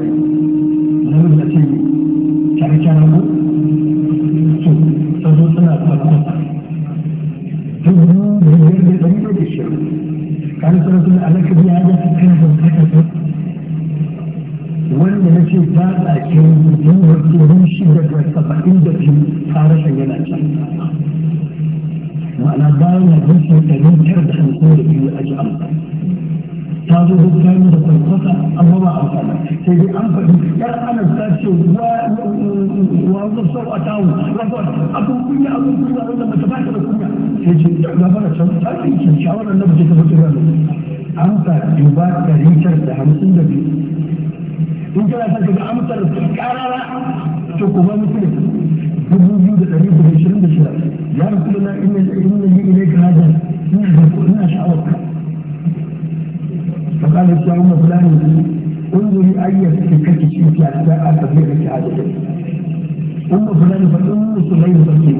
gafara can tsarin can shawarar na bace ta mutuwar amsa duba ɗari tara da hamsin da biyu in kana son ka ga amsar karara to kuma mutum dubu biyu da ɗari da ashirin da shida ya rasu na ina yi ilai ka hajar ina da ina sha'awar ka فقال الشاعر فلان انظري اي فكرك انت اعتبار تبليغك هذا ام فلان فام سليم فقير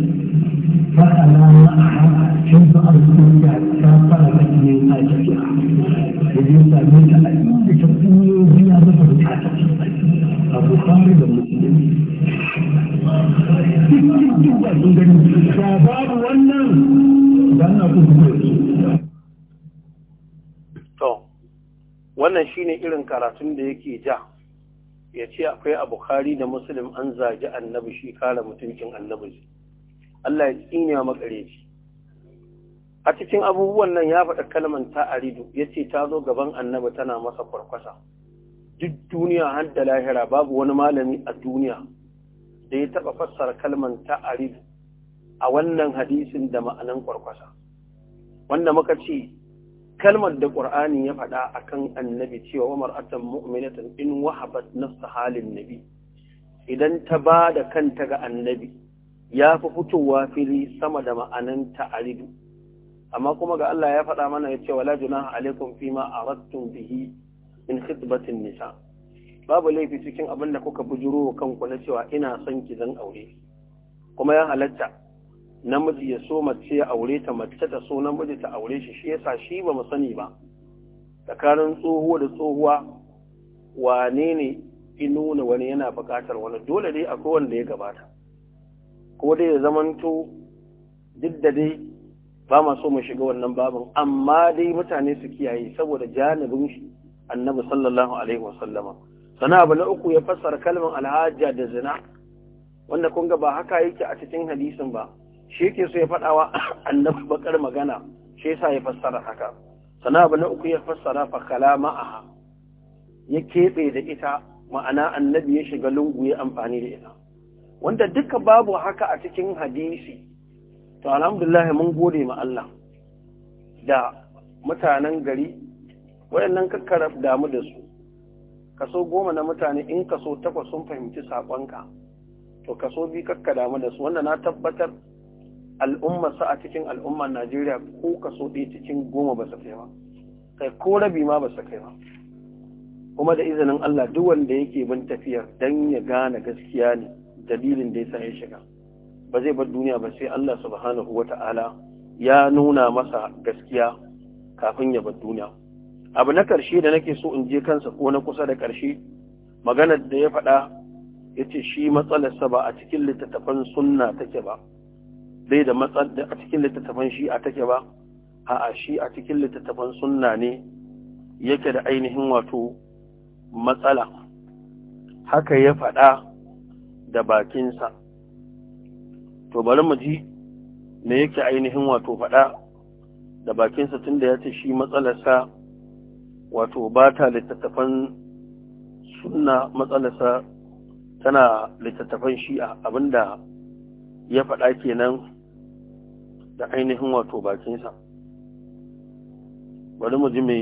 wannan karatun da yake ja ya ce akwai a Bukhari da Muslim an zagi annabi shi kare mutuncin annabi Allah ya tsine makareci a cikin abubuwan nan ya faɗa kalman ta aridu ya ce ta zo gaban annabi tana masa kwarkwasa duk duniya har da lahira babu wani malami a duniya da ya taɓa fassara kalmar ta aridu a wannan hadisin da ma'anan kwarkwasa wanda muka ce kalmar da ƙur'ani ya faɗa akan annabi cewa wa mar'atan mu'minatan in wahabat nafsa halin nabi idan ta ba da kanta ga annabi ya fi fitowa fili sama da ma'anan ta'aridu amma kuma ga Allah ya faɗa mana ya ce wala junaha alaikum a aradtum bihi in khitbatin nisa babu laifi cikin abin da kuka bujuro kanku na cewa ina son ki zan aure kuma ya halatta namiji ya so mace ya aure ta mace ta so namiji ta aure shi shi yasa shi ba mu sani ba tsakanin tsohuwa da tsohuwa wane ne nuna wani yana buƙatar wani dole dai akwai wanda ya gabata ko dai ya zamanto duk da dai ba ma so mu shiga wannan babin amma dai mutane su kiyaye saboda janibin shi annabi sallallahu alaihi wasallama sana abu na uku ya fassara kalmar alhaja da zina wanda kun ga ba haka yake a cikin hadisin ba shi yake so ya faɗawa annabi bakar magana shi yasa ya fassara haka sana abu na uku ya fassara fa kalama aha ya keɓe da ita ma'ana annabi ya shiga lungu ya amfani da ita wanda duka babu haka a cikin hadisi to alhamdulillah mun gode ma Allah da mutanen gari wayannan kakkara damu da su kaso goma na mutane in kaso takwas sun fahimci saƙonka to kaso biyu kakka damu da su wanda na tabbatar Al'umma sa a cikin al'ummar Najeriya ko kaso ɗaya cikin goma ba su kai ba kai ko rabi ma ba su kai ba kuma da izinin Allah duk wanda yake bin tafiyar dan ya gane gaskiya ne dalilin da ya sa ya shiga ba zai bar duniya ba sai Allah subhanahu wata'ala ya nuna masa gaskiya kafin ya bar duniya abu na karshe da nake so in je kansa ko na kusa da karshe maganar da ya faɗa ya ce shi matsalarsa ba a cikin littattafan sunna take ba bai da matsar da a cikin littattafan shi a take ba a shi a cikin littattafan sunna ne yake da ainihin wato matsala haka ya faɗa da bakinsa to bari mu ji me yake ainihin wato faɗa da bakinsa tunda ya ce shi matsalarsa wato ba ta littattafan sunna matsalarsa tana littattafan shi a abinda ya faɗa kenan da ainihin wato bakinsa bari mu ji me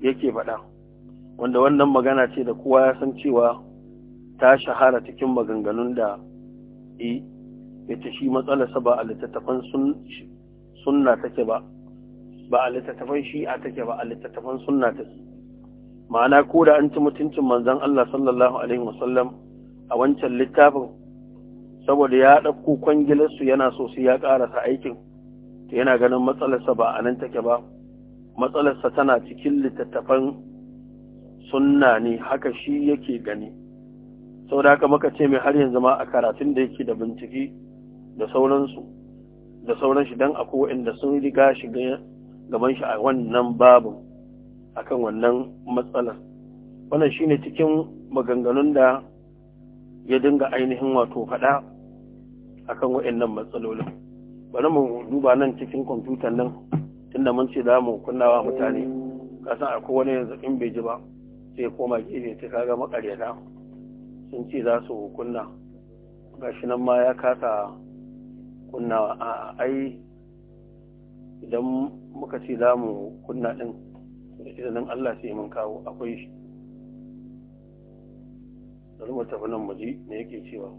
yake faɗa wanda wannan magana ce da kowa ya san cewa ta shahara cikin maganganun da e ita shi sa ba a littattafan sunna take ba ba a littattafan shi'a take ba a littattafan sunna take ma'ana ko da an ci mutuncin manzon Allah sallallahu alaihi wasallam a wancan littafin saboda ya ɗauko kwangilarsu yana so su ya ƙarasa aikin to yana ganin matsalarsa ba a nan take ba matsalarsa tana cikin littattafan sunna ne haka shi yake gani saboda haka muka ce mai har yanzu ma a karatun da yake da bincike da sauransu da sauran shi don akwai waɗanda sun riga shi gaban shi a wannan babin akan wannan matsalar wannan shine cikin maganganun da ya dinga ainihin wato faɗa akan waɗannan matsalolin bari mu duba nan cikin kwamfutan nan tunda mun ce za mu kunnawa mutane kasan akwai wani yanzu in bai ji ba sai koma gefe ta kaga makaryata sun ce za su kunna gashi nan ma ya kasa kunnawa a ai idan muka ce za mu kunna din idan Allah sai mun kawo akwai shi. mu tafi nan mu ji me yake cewa.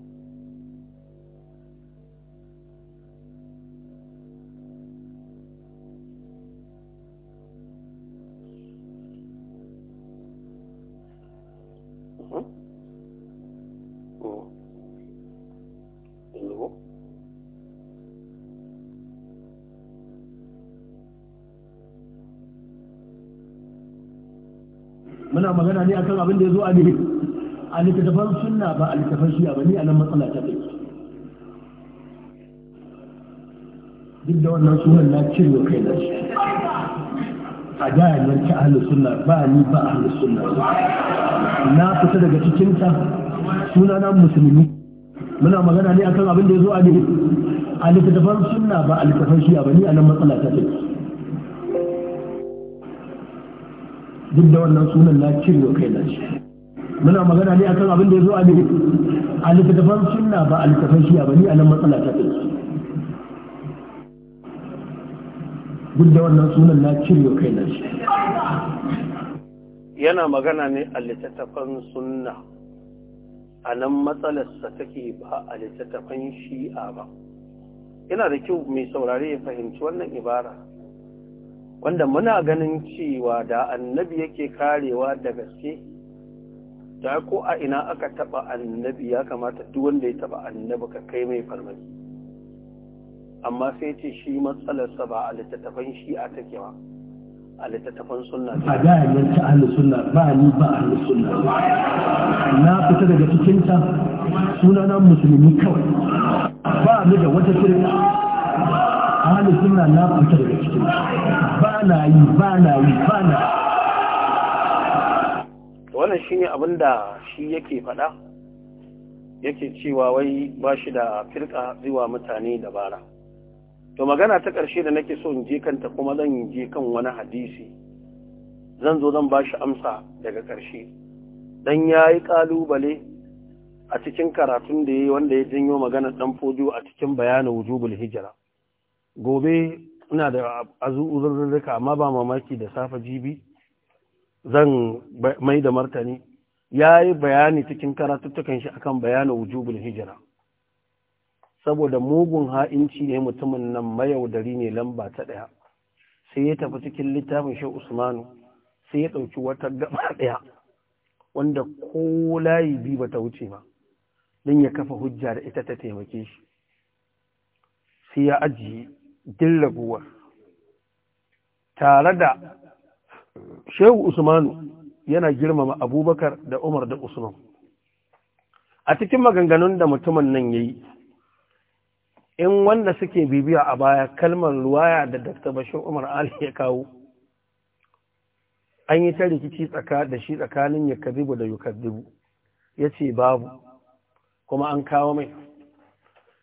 ne akan abin da ya zo a ne a littattafan sunna ba a littattafan shiya ba ni a nan matsala ta kai duk da wannan sunan na cire kai na shi a jaya nan ta ahlus sunna ba ni ba ahlus sunna na fita daga cikin ta suna na musulmi muna magana ne akan abin da ya zo a ne a littattafan sunna ba a littattafan shiya ba ni a nan matsala ta kai duk da wannan sunan na cire kai na shi muna magana ne akan abin da ya zo a ne a littattafan sunna ba a littattafan shiya ba ni a nan matsala ta kai duk da wannan sunan na cire kai na shi yana magana ne a littattafan sunna a nan matsalarsa take ba a littattafan shi'a ba yana da kyau mai saurare ya fahimci wannan ibara wanda muna ganin cewa da annabi yake karewa da gaske da ko a ina aka taba annabi ya kamata duk wanda ya taba annabi ka kai mai farmaki amma sai ce shi matsalarsa ba a littattafan a take ba a littattafan sunna a da yanzu ahli sunna ba ni ba ahli sunna na fita daga cikin ta sunana musulmi kawai ba ni da wata shirka ahli suna na fita daga cikin ba na yi ba na yi ba na wannan shi ne abin da shi yake faɗa yake cewa wai ba shi da firka zuwa mutane dabara to magana ta ƙarshe da nake so in je kanta kuma zan je kan wani hadisi zan zo zan ba shi amsa daga ƙarshe dan ya yi ƙalubale a cikin karatun da ya yi wanda ya janyo maganar ɗan fojo a cikin bayanin wujubul hijira gobe ina da azururruka, amma ba mamaki da safa jibi zan mai da martani ya yi bayani cikin karatuttukan shi akan bayanin wujubul hijira saboda mugun ha'inci ne mutumin nan mayaudari ne lamba ta ɗaya sai ya tafi cikin littafin shi usmanu sai ya ɗauki wata gaba ɗaya wanda ko layi bi ba ta wuce ba Dan ya kafa hujja da ita ta taimake shi sai ya ajiye dillabuwa tare da shehu usmanu yana girmama abubakar da umar da usman a cikin maganganun da mutumin nan ya yi in wanda suke bibiya a baya kalmar ruwaya da dr bashir umar ali ya kawo an yi ta rikici da shi tsakanin ya da yukazibu ya ce babu kuma an kawo mai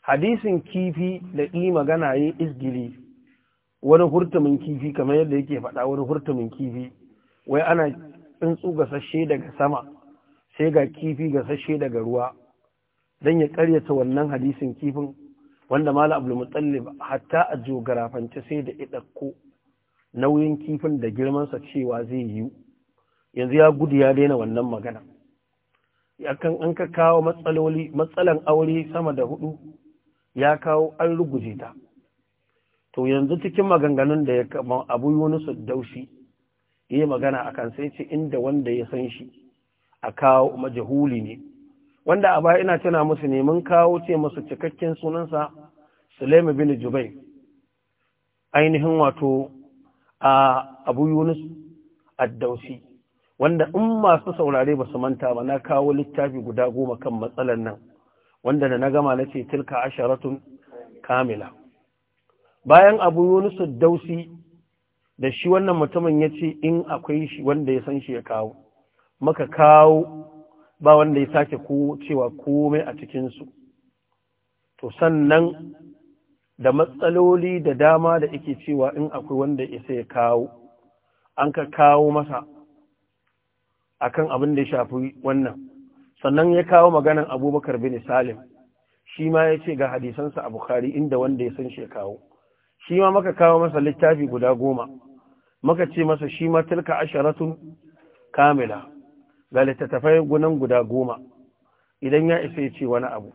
hadisin kifi da ƙi magana yi isgili wani hurtumin kifi kamar yadda yake faɗa wani hurtumin kifi wai ana tsuntsu gasashe daga sama sai ga kifi gasashe daga ruwa don ya karyata wannan hadisin kifin wanda mala ba, hatta a jogarafance sai da ɗauko. nauyin kifin da girmansa cewa zai yiwu yanzu ya gudu ya daina wannan magana yakan an ka kawo matsalan aure sama da hudu ya kawo an ruguje ta to yanzu cikin maganganun da ya kama abu yunus daushi yi magana a kan sai ce inda wanda ya san shi a kawo majahuli ne wanda a baya ina tana musu neman kawo ce musu cikakken sunansa Sulaiman bin Jubai ainihin wato a Abu Yunus Addausi wanda in masu saurare ba su manta ba na kawo littafi guda goma kan matsalar nan wanda da na gama na ce tilka asharatun kamila bayan abu yunusu dausi da shi wannan mutumin ya ce in akwai shi wanda ya san shi ya kawo maka kawo ba wanda ya sake cewa komai a cikinsu to sannan da matsaloli da dama da ake cewa in akwai wanda isa ya kawo an ka kawo masa akan abin da ya shafi wannan sannan ya kawo maganan abubakar bin salim shi ma ya ce ga hadisansa a bukari inda wanda ya san shi ya kawo shi ma maka kawo masa littafi guda goma maka ce masa shi ma tilka asharatun kamila ga littattafai gunan guda goma idan ya isa ya ce wani abu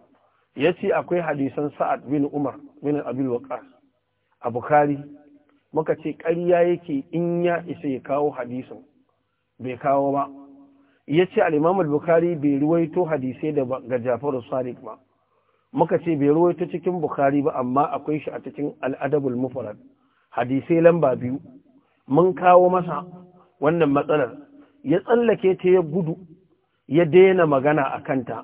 ya ce akwai hadisan sa'ad bin umar bin abin waƙas a Bukhari muka ce ƙarya yake in ya isa ya kawo hadisan bai kawo ba ya ce al'imam al-bukhari bai ruwaito hadisai da ga jafaru sadiq ba muka ce bai ruwaito cikin bukhari ba amma akwai shi a cikin al'adabul mufarad hadisai lamba biyu mun kawo masa wannan matsalar ya tsallake ta ya gudu ya daina magana a kanta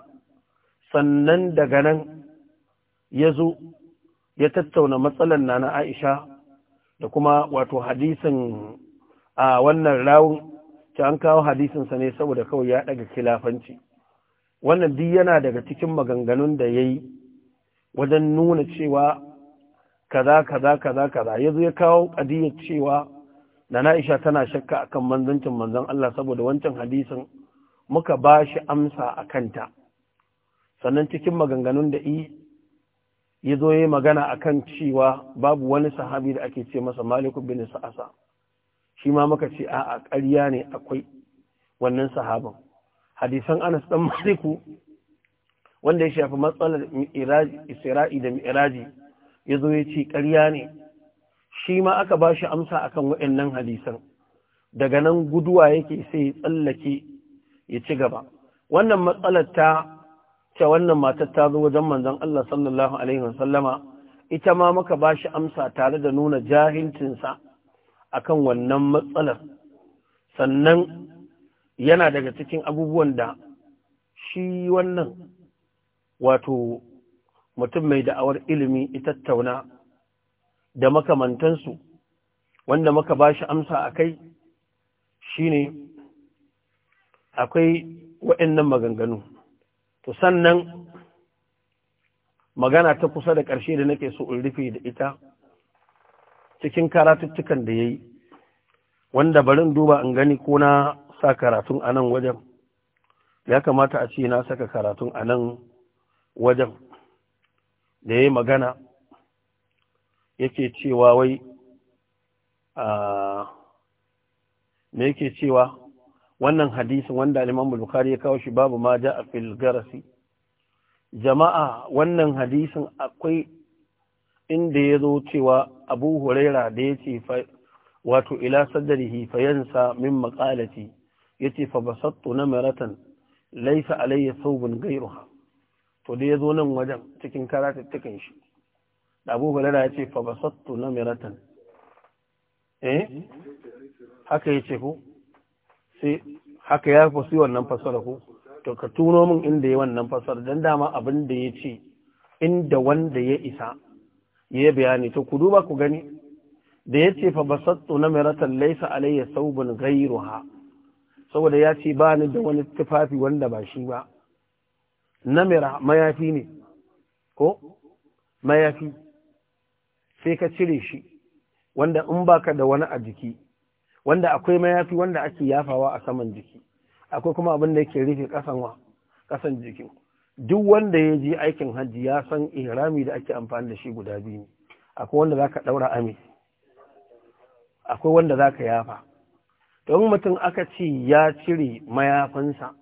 sannan daga nan ya zo ya tattauna matsalar na na aisha da kuma wato hadisin a wannan rawun ci an kawo hadisinsa ne saboda kawai ya daga kilafanci wannan duk yana daga cikin maganganun da ya yi wajen nuna cewa kaza kaza kaza kaza ya zo ya kawo ƙadiyar cewa da na'isha tana shakka akan manzancin manzan Allah saboda wancan hadisin muka ba shi amsa a kanta sannan cikin maganganun da i ya zo ya magana akan cewa babu wani sahabi da ake ce masa maliku bin sa'asa shi ma muka ce a a ƙarya ne akwai wannan sahaban hadisan anas dan maliku wanda ya shafi matsalar isra'i da mi'raji ya zo ya ce ƙarya ne shi ma aka ba shi amsa akan waɗannan hadisan daga nan guduwa yake sai ya tsallake ya ci gaba wannan matsalar ta ce wannan matar ta zo wajen manzon Allah sallallahu alaihi wasallama ita ma muka ba shi amsa tare da nuna sa akan wannan matsalar sannan yana daga cikin abubuwan da shi wannan wato mutum mai da'awar ilimi tauna da makamantansu wanda maka ba shi amsa a kai shi ne akwai waɗannan maganganu to sannan magana ta kusa da ƙarshe da nake so in rufe da ita cikin karatuttukan da ya yi wanda barin duba in gani ko na sa karatun a nan wajen ya kamata a ce na saka karatun a nan wajen da ya yi magana yake cewa wai a me yake cewa wannan hadisin wanda Imam Bukhari ya kawo shi babu ma ja a garasi jama'a wannan hadisin akwai inda ya zo cewa abu huraira da ya ce wato ila sadarihi fayansa min maƙalati ya ce fa basattu na maratan laisa alayya saubin gairuha to da ya zo nan wajen cikin karatattukan shi da abu huraira ya ce fa basattu na maratan eh haka ya ce ko sai haka ya fasi wannan fasara ko to ka tuno min inda ya wannan fasara don dama abin da ya ce inda wanda ya isa ya bayani to ku duba ku gani da ya ce fa basattu na miratan laisa alayya saubun gairuha saboda yace ce ba ni da wani tufafi wanda ba shi ba namira mayafi ne ko mayafi sai ka cire shi wanda in baka da wani a jiki wanda akwai mayafi wanda ake yafawa a saman jiki akwai kuma abin da yake rufe kasan wa kasan jikinku duk wanda ya je aikin hajji ya san ihrami da ake amfani da shi guda biyu ne akwai wanda zaka daura ami akwai wanda za zaka yafa don mutum aka ce ya cire mayafinsa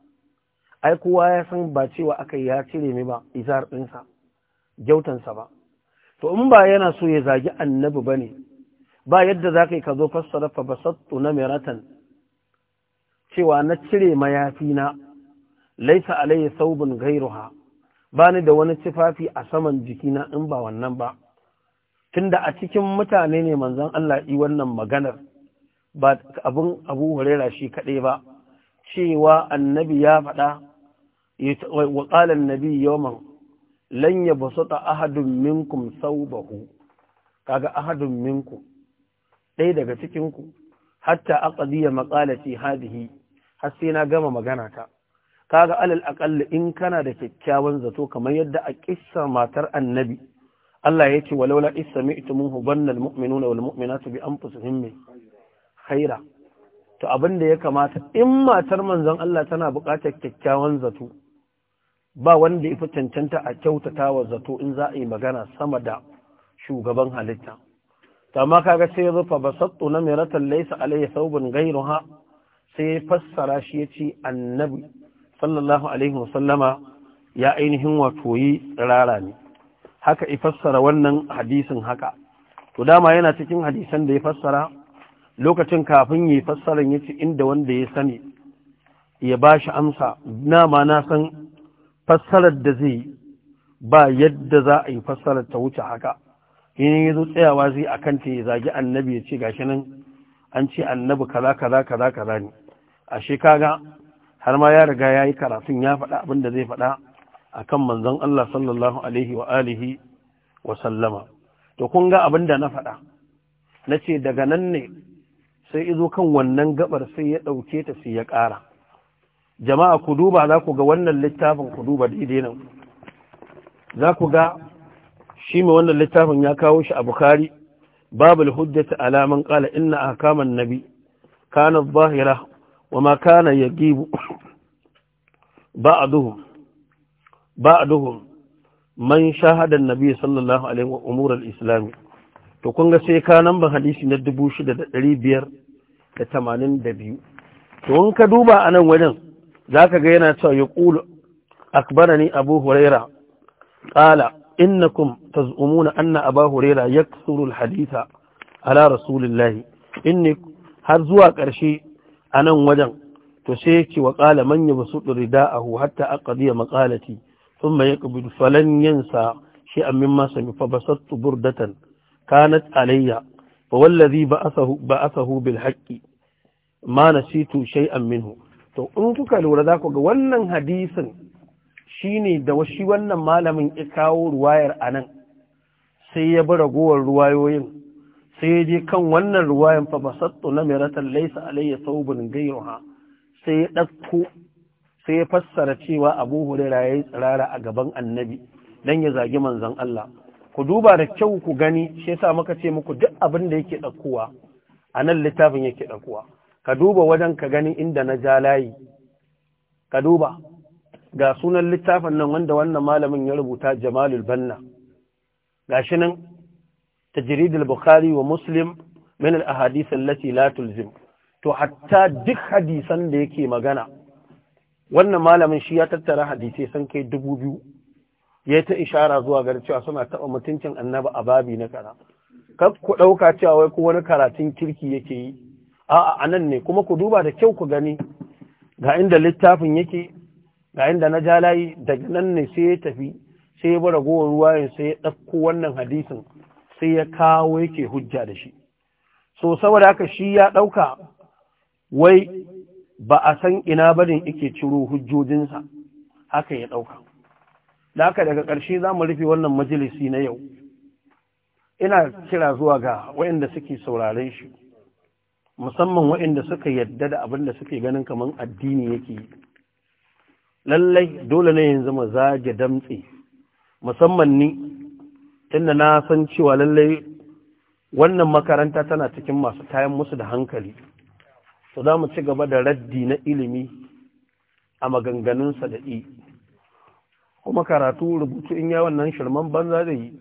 ai kowa ya san ba cewa aka ya cire mai ba izar ɗinsa gyautansa ba to in ba yana so ya zagi annabi ba ne ba yadda za ka yi ka zo fassara fa basattu na miratan cewa na cire mayafina. laisa alayhi saubun gairuha. bani da wani tufafi a saman jikina in ba wannan ba tunda a cikin mutane ne manzon Allah yi wannan maganar ba abun Abu Huraira shi kadai ba cewa annabi ya faɗa wa qala annabi yawman lan yabsuta ahadun minkum saubahu kaga ahadun minkum ɗaya daga cikin ku hatta aqdiya maqalati hadhihi har sai na gama magana ta kaga alal aqall in kana da kyakkyawan zato kamar yadda a kissar matar annabi Allah ya ce walaula isma'tumuhu bannal almu'minuna walmu'minatu bi anfusihim khaira to abinda ya kamata in matar manzon Allah tana buƙatar kyakkyawan zato ba wanda ya fi cancanta a kyautata wa zato in za a yi magana sama da shugaban halitta amma kaga sai ya zufa basattu na miratan laysa alayhi thawbun ghayruha sai ya fassara shi yace annabi sallallahu alaihi wasallama ya ainihin wato yi rara ne haka i fassara wannan hadisin haka to dama yana cikin hadisan da ya fassara lokacin kafin yi fassaran ya ci inda wanda ya sani ya ba shi amsa nama na san fassarar da zai ba yadda za a yi fassarar ta wuce haka in ya zo tsayawa zai a kanta ya zagi annabi ya ce gashi nan an ce annabi kaza kaza kaza kaza ne a shekara. har ma ya riga ya yi karatun ya faɗa abin da zai faɗa a kan manzon Allah sallallahu alaihi wa alihi wa sallama to kun ga abin da na faɗa na ce daga nan ne sai izo kan wannan gabar sai ya ɗauke ta sai ya ƙara jama'a ku duba za ku ga wannan littafin ku duba daidai nan za ku ga shi mai wannan littafin ya kawo shi a bukari babul hujjata alaman ƙala inna ahkaman nabi kanat zahira Wamakana ma kana yagibu ba'duhum ba'duhum man shahada annabi sallallahu alaihi wa al-islam to kun sai ka nan ban hadisi na 6582 to in ka duba anan wajen zaka ga yana cewa yaqulu akbarani abu huraira qala innakum taz'umuna anna abu huraira yaksuru al-haditha ala rasulillahi inni har zuwa karshe. a nan wajen to sai yake wa ƙala man ya basu ɗurida a hu hatta a ƙadiyar maƙalati sun mai yaƙi falan shi a min masa mi fa basattu burdatan kanat alayya fa wallazi ba asahu bil haƙƙi ma nasitu shay'an minhu to in kuka lura za ku ga wannan hadisin shine da shi wannan malamin ya kawo ruwayar nan sai ya bi ragowar ruwayoyin sai je kan wannan ruwayan fa basattu namiratan laysa alayya thawbun ghayruha sai ya dauko sai ya fassara cewa Abu Hurairah yayi tsirara a gaban Annabi dan ya zagi manzon Allah ku duba da kyau ku gani shi yasa muka ce muku duk abin da yake dakkuwa a nan littafin yake dakkuwa ka duba wajen ka gani inda na ja layi ka duba ga sunan littafin nan wanda wannan malamin ya rubuta Jamalul Banna gashi nan تجريد البخاري ومسلم من الأحاديث التي لا تلزم to hatta duk hadisan da yake magana wannan malamin shi ya tattara hadisai sun kai dubu biyu ya ta ishara zuwa ga cewa suna taɓa mutuncin annaba a babi na kara kar ku ɗauka cewa wai ko wani karatun kirki yake yi a'a a nan ne kuma ku duba da kyau ku gani ga inda littafin yake ga inda na ja layi daga nan ne sai ya tafi sai ya bar ragowar ruwayen sai ya ɗauko wannan hadisin sai ya kawo yake hujja da shi so saboda haka shi ya ɗauka wai ba a san ina barin ike ciro hujjojinsa haka ya ɗauka da haka daga ƙarshe za mu rufe wannan majalisi na yau ina kira zuwa ga waɗanda suke sauraren shi musamman waɗanda suka yadda da abin da suke ganin kamar addini yake yi lallai dole ne yanzu mu zage damtse musamman ni tunda na san cewa lallai wannan makaranta tana cikin masu kayan musu da hankali to za mu ci gaba da raddi na ilimi a maganganunsa da i kuma karatu rubutu in ya wannan shirman banza da yi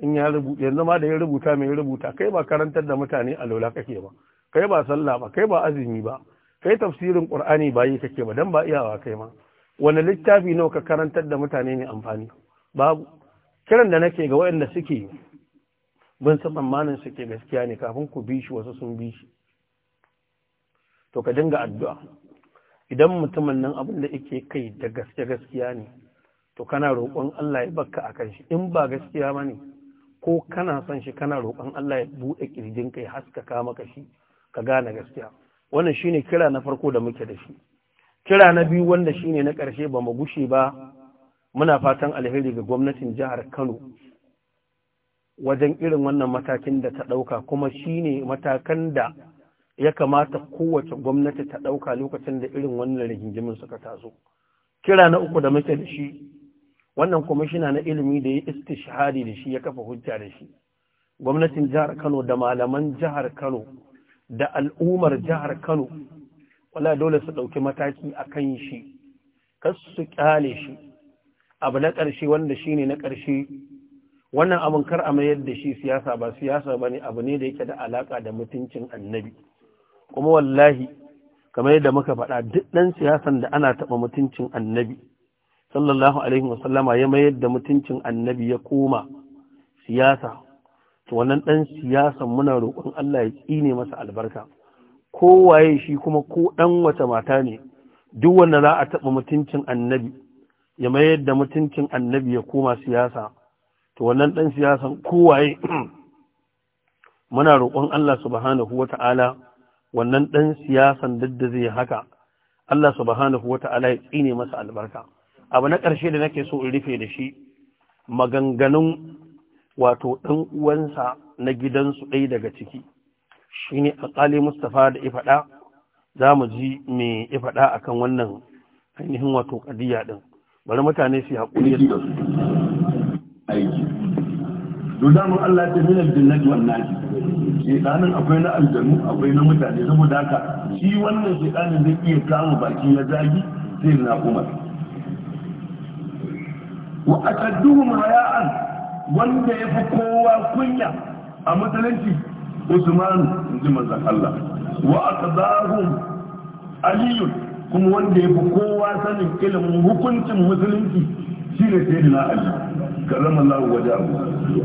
in ya rubuta yanzu ma da ya rubuta mai rubuta kai ba karantar da mutane a lola kake ba kai ba sallah ba kai ba azumi ba kai tafsirin qur'ani ba yi kake ba dan ba iyawa kai ma wani littafi nawa ka karantar da mutane ne amfani babu kiran da nake ga waɗanda suke bin tsammanin suke gaskiya ne kafin ku bi shi wasu sun bi shi to ka dinga addu'a idan mutumin nan abin da yake kai da gaske gaskiya ne to kana roƙon Allah ya bakka akan shi in ba gaskiya ba ne ko kana son shi kana roƙon Allah ya buɗe ƙirjin kai haskaka maka shi ka gane gaskiya wannan shine kira na farko da muke da shi kira na biyu wanda shine na ƙarshe ba mu gushe ba muna fatan alheri ga gwamnatin jihar Kano wajen irin wannan matakin da ta ɗauka kuma shi ne matakan da ya kamata kowace gwamnati ta ɗauka lokacin da irin wannan rigingimin suka taso. Kira na uku da muke da shi, wannan kwamishina na ilimi da ya istishhari da shi ya kafa hujja da shi. Gwamnatin jihar Kano da malaman jihar Kano da al'ummar jihar Kano, wala dole su ɗauki mataki a kan shi, kas su ƙyale shi, abu na ƙarshe wanda shi ne na ƙarshe wannan abin kar a mayar da shi siyasa ba siyasa ba ne abu ne da yake da alaƙa da mutuncin annabi kuma wallahi kamar yadda muka faɗa duk ɗan siyasan da ana taɓa mutuncin annabi sallallahu alaihi wasallama ya mayar da mutuncin annabi ya koma siyasa to wannan ɗan siyasan muna roƙon Allah ya tsine masa albarka kowaye shi kuma ko ɗan wata mata ne duk wanda za a taɓa mutuncin annabi ya mayar da mutuncin annabi ya koma siyasa to wannan dan siyasan kowaye muna roƙon Allah subhanahu wata'ala wannan dan siyasan duk zai haka Allah subhanahu wata'ala ya tsine masa albarka abu na ƙarshe da nake so in rufe da shi maganganun wato ɗan uwansa na gidansu dai daga ciki shi ne alƙali mustapha da ifaɗa za mu ji mai ifaɗa akan wannan ainihin wato ƙadiyya ɗin bari mutane su haƙuri da su aiki to Allah ta minal jinnati wan nasi akwai na aljanu akwai na mutane saboda haka shi wannan shedanin zai iya kama baki na zagi sai na umar wa ashadduhum haya'an wanda ya fi kowa kunya a musulunci Usman inji manzan Allah wa aqdahum aliyun kuma wanda ya fi kowa sanin ilimin hukuncin musulunci shi ne sai dina ali zama Allah waje abu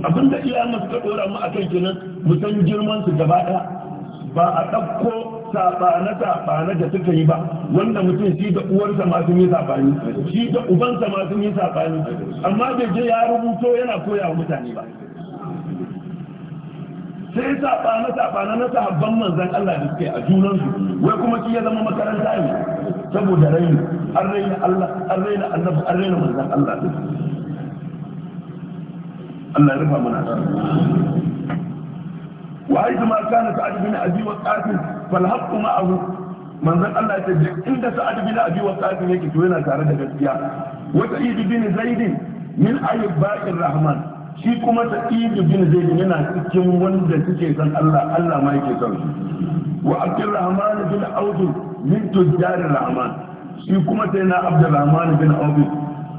abin da iya masu ta dora mu kan kenan mu girman su gaba ɗaya ba a ɗauko saɓane saɓane da suka yi ba wanda mutum shi da uwarsa ma sun yi saɓani shi da ubansa ma sun yi saɓani amma bai je ya rubuto yana koya wa mutane ba sai sabana sabana na sahabban manzan Allah da suke a junan su wai kuma shi ya zama makaranta ne saboda raini an raina Allah an raina annabi an raina manzan Allah Allah ya rufa mana وحيث ما كان سعد بن ابي وقاص فالحق معه manzan Allah ya ce inda sa'ad bin abi waqas yake to yana tare da gaskiya wa sa'id bin Zaidin min ayyubaqir rahman shi kuma ta sa'idu zai zaid yana cikin wanda suke son Allah Allah ma yake son su wa abdurrahman bin audu min tujjar rahman shi kuma sai na rahman bin audu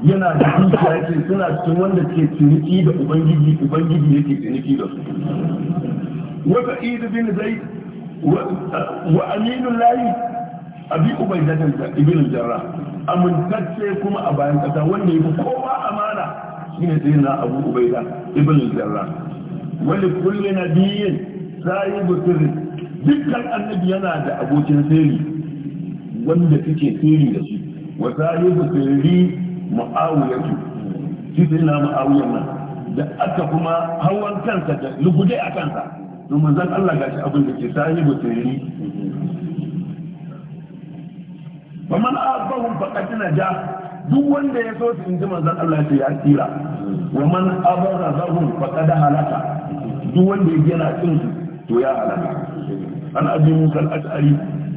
yana da dukiya yake suna cikin wanda ke ciniki da ubangiji ubangiji yake ciniki da su wa sa'idu bin zaid wa aminu layi abi ubaidatan ibn jarrah amintacce kuma a bayan kasa wanda ya fi kowa amana shi ne na abu ubaida ibn al-jarrah wani na nabiyyin sahibu sirri dukkan annabi yana da abokin sirri wanda suke sirri da shi wa sahibu sirri mu'awiyatu shi na mu'awiyan nan da aka kuma hawan kansa da lugude a kansa to manzon Allah gashi abin da ke sahibu sirri faman abahum faqad naja duk wanda ya so su inji ji manzon Allah ce ya tsira wa man abara zahum faqad halaka duk wanda ya gina cin su to ya halaka an abi musa al-ash'ari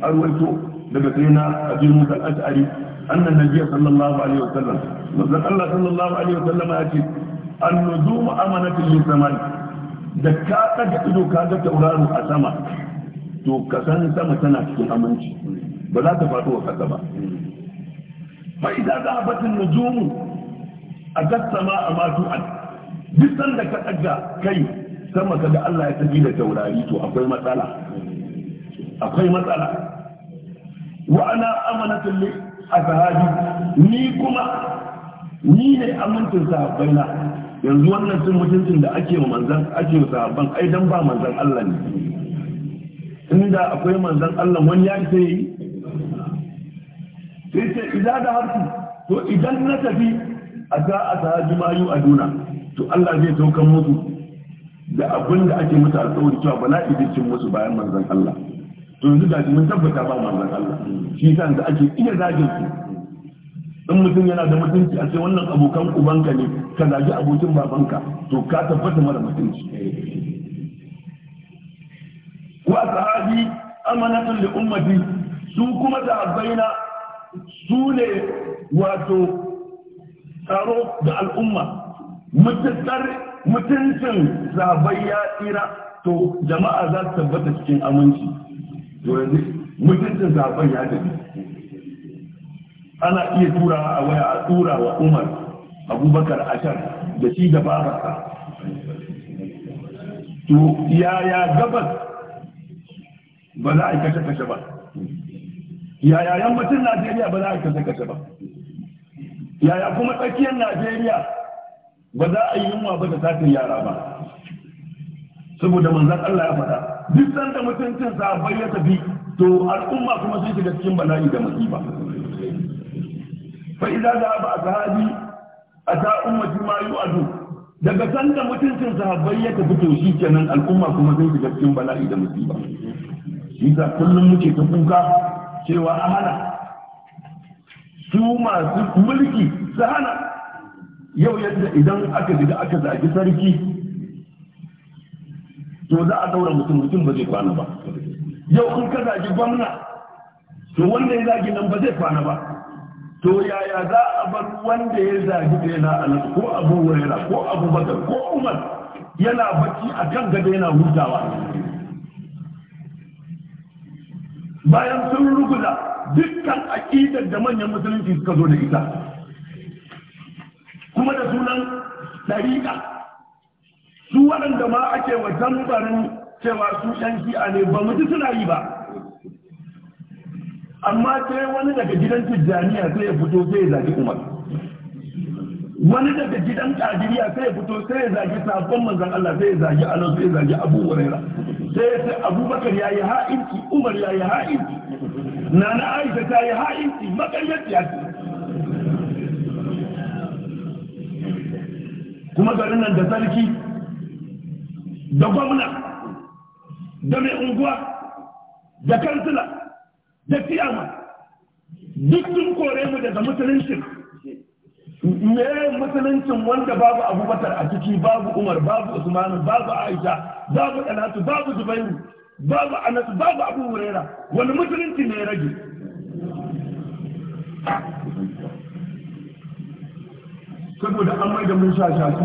arwaito daga sayyidina abi musa al-ash'ari annan nabiyyi sallallahu alaihi wasallam manzon Allah sallallahu alaihi wasallam ya ce an-nujumu amanatu lis-samai da ka daga ido ka ga tauraro a sama to ka san sama tana cikin aminci ba za ta faɗo wa ƙasa ba فإذا ذهبت النجوم أجت سماء ما تؤد جسن لك أجا كي سما كدا الله يتجيل توراريتو أقوي مسألة أقوي مسألة وأنا أمنة لي أتهاجي نيكما نيني أمنت صاحبينا yanzu wannan sun mutuncin da ake wa manzan ake wa sahabban ai dan ba manzan Allah ne inda akwai manzan Allah wani ya ce sai ce idan da harfi to idan na tafi a za a sahaji mayu a duna to Allah zai saukan musu da abin da ake musu alƙawari cewa bala'i zai musu bayan manzon Allah to yanzu da mun tabbata ba manzon Allah shi yasa da ake iya zagin su in mutum yana da mutunci a ce wannan abokan ubanka ne ka zagi abokin babanka to ka tabbata mara mutunci wa sahabi amanatun li ummati su kuma da abaina su ne wato tsaro da al'umma mutuncin zabai ya tsira to jama'a za su tabbata cikin aminci to yanzu mutuncin zabai ya tafi ana iya turawa a waya a tura wa umar abubakar ashar da shi da babarsa to yaya gabas ba za a kashe kashe ba yaya yammacin najeriya ba za a kasa kasa ba yaya kuma tsakiyar najeriya ba za a yi yunwa ba da satin yara ba saboda manzan allah ya faɗa duk sanda mutuncin sahabbai ya tafi to al'umma kuma sun shiga cikin bala'i da musiba fa idza dhaba ashabi ata ummati ma yu'adu daga sanda mutuncin sahabbai ya tafi to shi kenan al'umma kuma sun shiga cikin bala'i da musiba shi kullum muke ta kuka cewa a hana su masu mulki su hana yau yadda idan aka gida aka zagi sarki to za a daura mutum mutum ba zai kwana ba yau in ka zagi gwamna to wanda ya zagi nan ba zai kwana ba to yaya za a bar wanda ya zagi da yana anan ko abu wurera ko abu bakar ko umar yana bacci a kan gada yana hutawa bayan sun ruguza dukkan aƙidar da manyan musulunci suka zo da ita kuma da sunan ɗariƙa su waɗanda ma ake wa tambarin cewa su ɗan shi'a ne ba mutu ji suna yi ba amma sai wani daga gidan tijjaniya sai ya fito sai ya zaki umar wani daga gidan kadiriya sai ya fito sai ya zagi sabon manzan Allah sai ya zagi Allah sai ya zagi Abu Huraira sai ya ce Abubakar yayi ha'inci Umar yayi ha'inci Nana Aisha ta yi ha'inci makaryaci ya kuma garin nan da sarki da gwamna da mai unguwa da kansila da siyama duk sun kore mu daga musulunci me musuluncin wanda babu abubakar a ciki babu umar babu usman babu aisha babu talatu babu zubairu babu anas babu abu huraira wani musulunci ne rage saboda an mai da mun sha shafi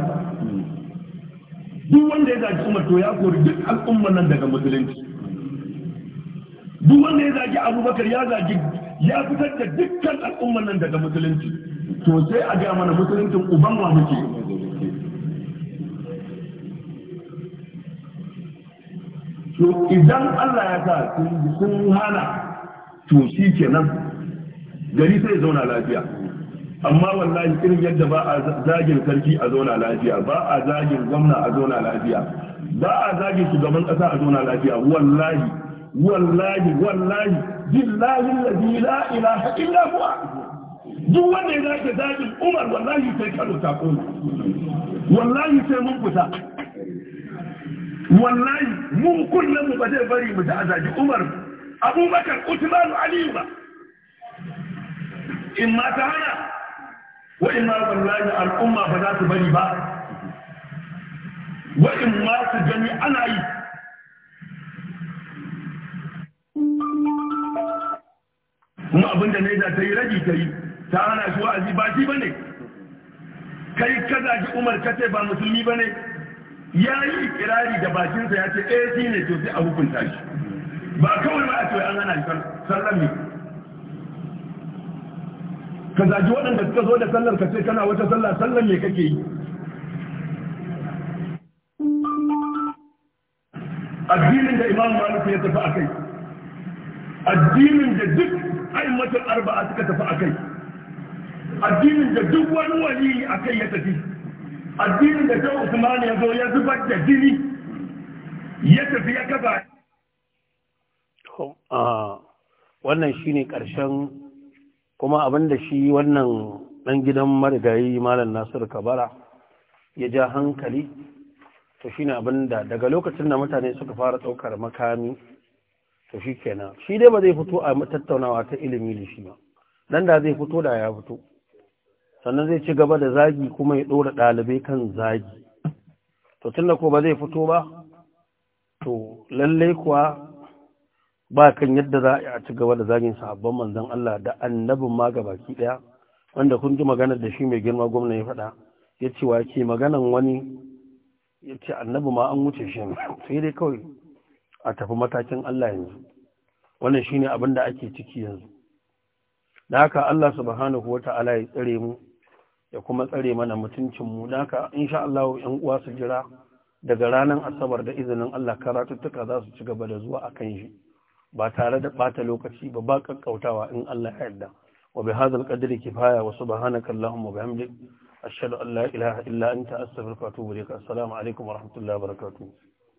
duk wanda ya zaki umar to ya kori duk al'ummar nan daga musulunci duk wanda ya zaki abubakar ya zaki ya fitar da dukkan al'ummar nan daga musulunci to sai a ga mana musuluncin uban wa muke to idan Allah ya sa sun hana to shi kenan gari sai zauna lafiya amma wallahi irin yadda ba a zagin sarki a zauna lafiya ba a zagin gwamna a zauna lafiya ba a zagin shugaban kasa a zauna lafiya wallahi wallahi wallahi billahi la ilaha illa huwa duk wanda ya zage zaɓin umar wallahi sai kano ta koma wallahi sai mun fita wallahi mun kullum mu ba zai bari mu da azaji umar abubakar Utman aliyu ba in ma ta hana wa in ma wallahi al'umma ba za su bari ba wa in ma su gani ana yi kuma abinda ne za ta yi raji ta yi ta ana shi wa'azi ba shi bane kai kada ji umar kace ba musulmi bane ya yi ikirari da bakinsa ya ce eh shi ne to sai a hukunta shi ba kawai ba a ce an hana shi sallar ne ka zaji waɗanda suka zo da sallar ka ce kana wata sallah sallar me kake yi addinin da imam malik ya tafi a kai addinin da duk aimatar arba'a suka tafi a kai addinin da duk wani wani a kai ya tafi addinin da ta usman ya zo ya zubar da jini ya tafi ya kafa ah, wannan shi ne karshen kuma abinda shi wannan ɗan gidan marigayi malam Nasiru Kabara ya ja hankali to ne abinda daga lokacin da mutane suka fara ɗaukar makami to kenan shi dai ba zai fito a tattaunawa ta ilimi da shi ba dan da zai fito da ya fito sannan zai ci gaba da zagi kuma ya ɗora ɗalibai kan zagi to da ko ba zai fito ba to lallai kuwa ba kan yadda za a ci gaba da zagin sahabban manzan Allah da annabin ma baki ɗaya wanda kun ji maganar da shi mai girma gwamna ya faɗa ya ce wa ke maganan wani ya ce annabi ma an wuce shi sai dai kawai a tafi matakin Allah yanzu wannan shine abin da ake ciki yanzu da haka Allah subhanahu ta'ala ya tsare mu ya kuma tsare mana mutuncin mu naka insha Allah yan uwa su jira daga ranar asabar da izinin Allah karatuttuka za su ci gaba da zuwa akan shi ba tare da bata lokaci ba ba kakkautawa in Allah ya yarda wa bi hadzal qadri kifaya wa subhanaka allahumma wa bihamdik ashhadu an la ilaha illa anta astaghfiruka wa atubu ilaik assalamu alaikum wa rahmatullahi wa barakatuh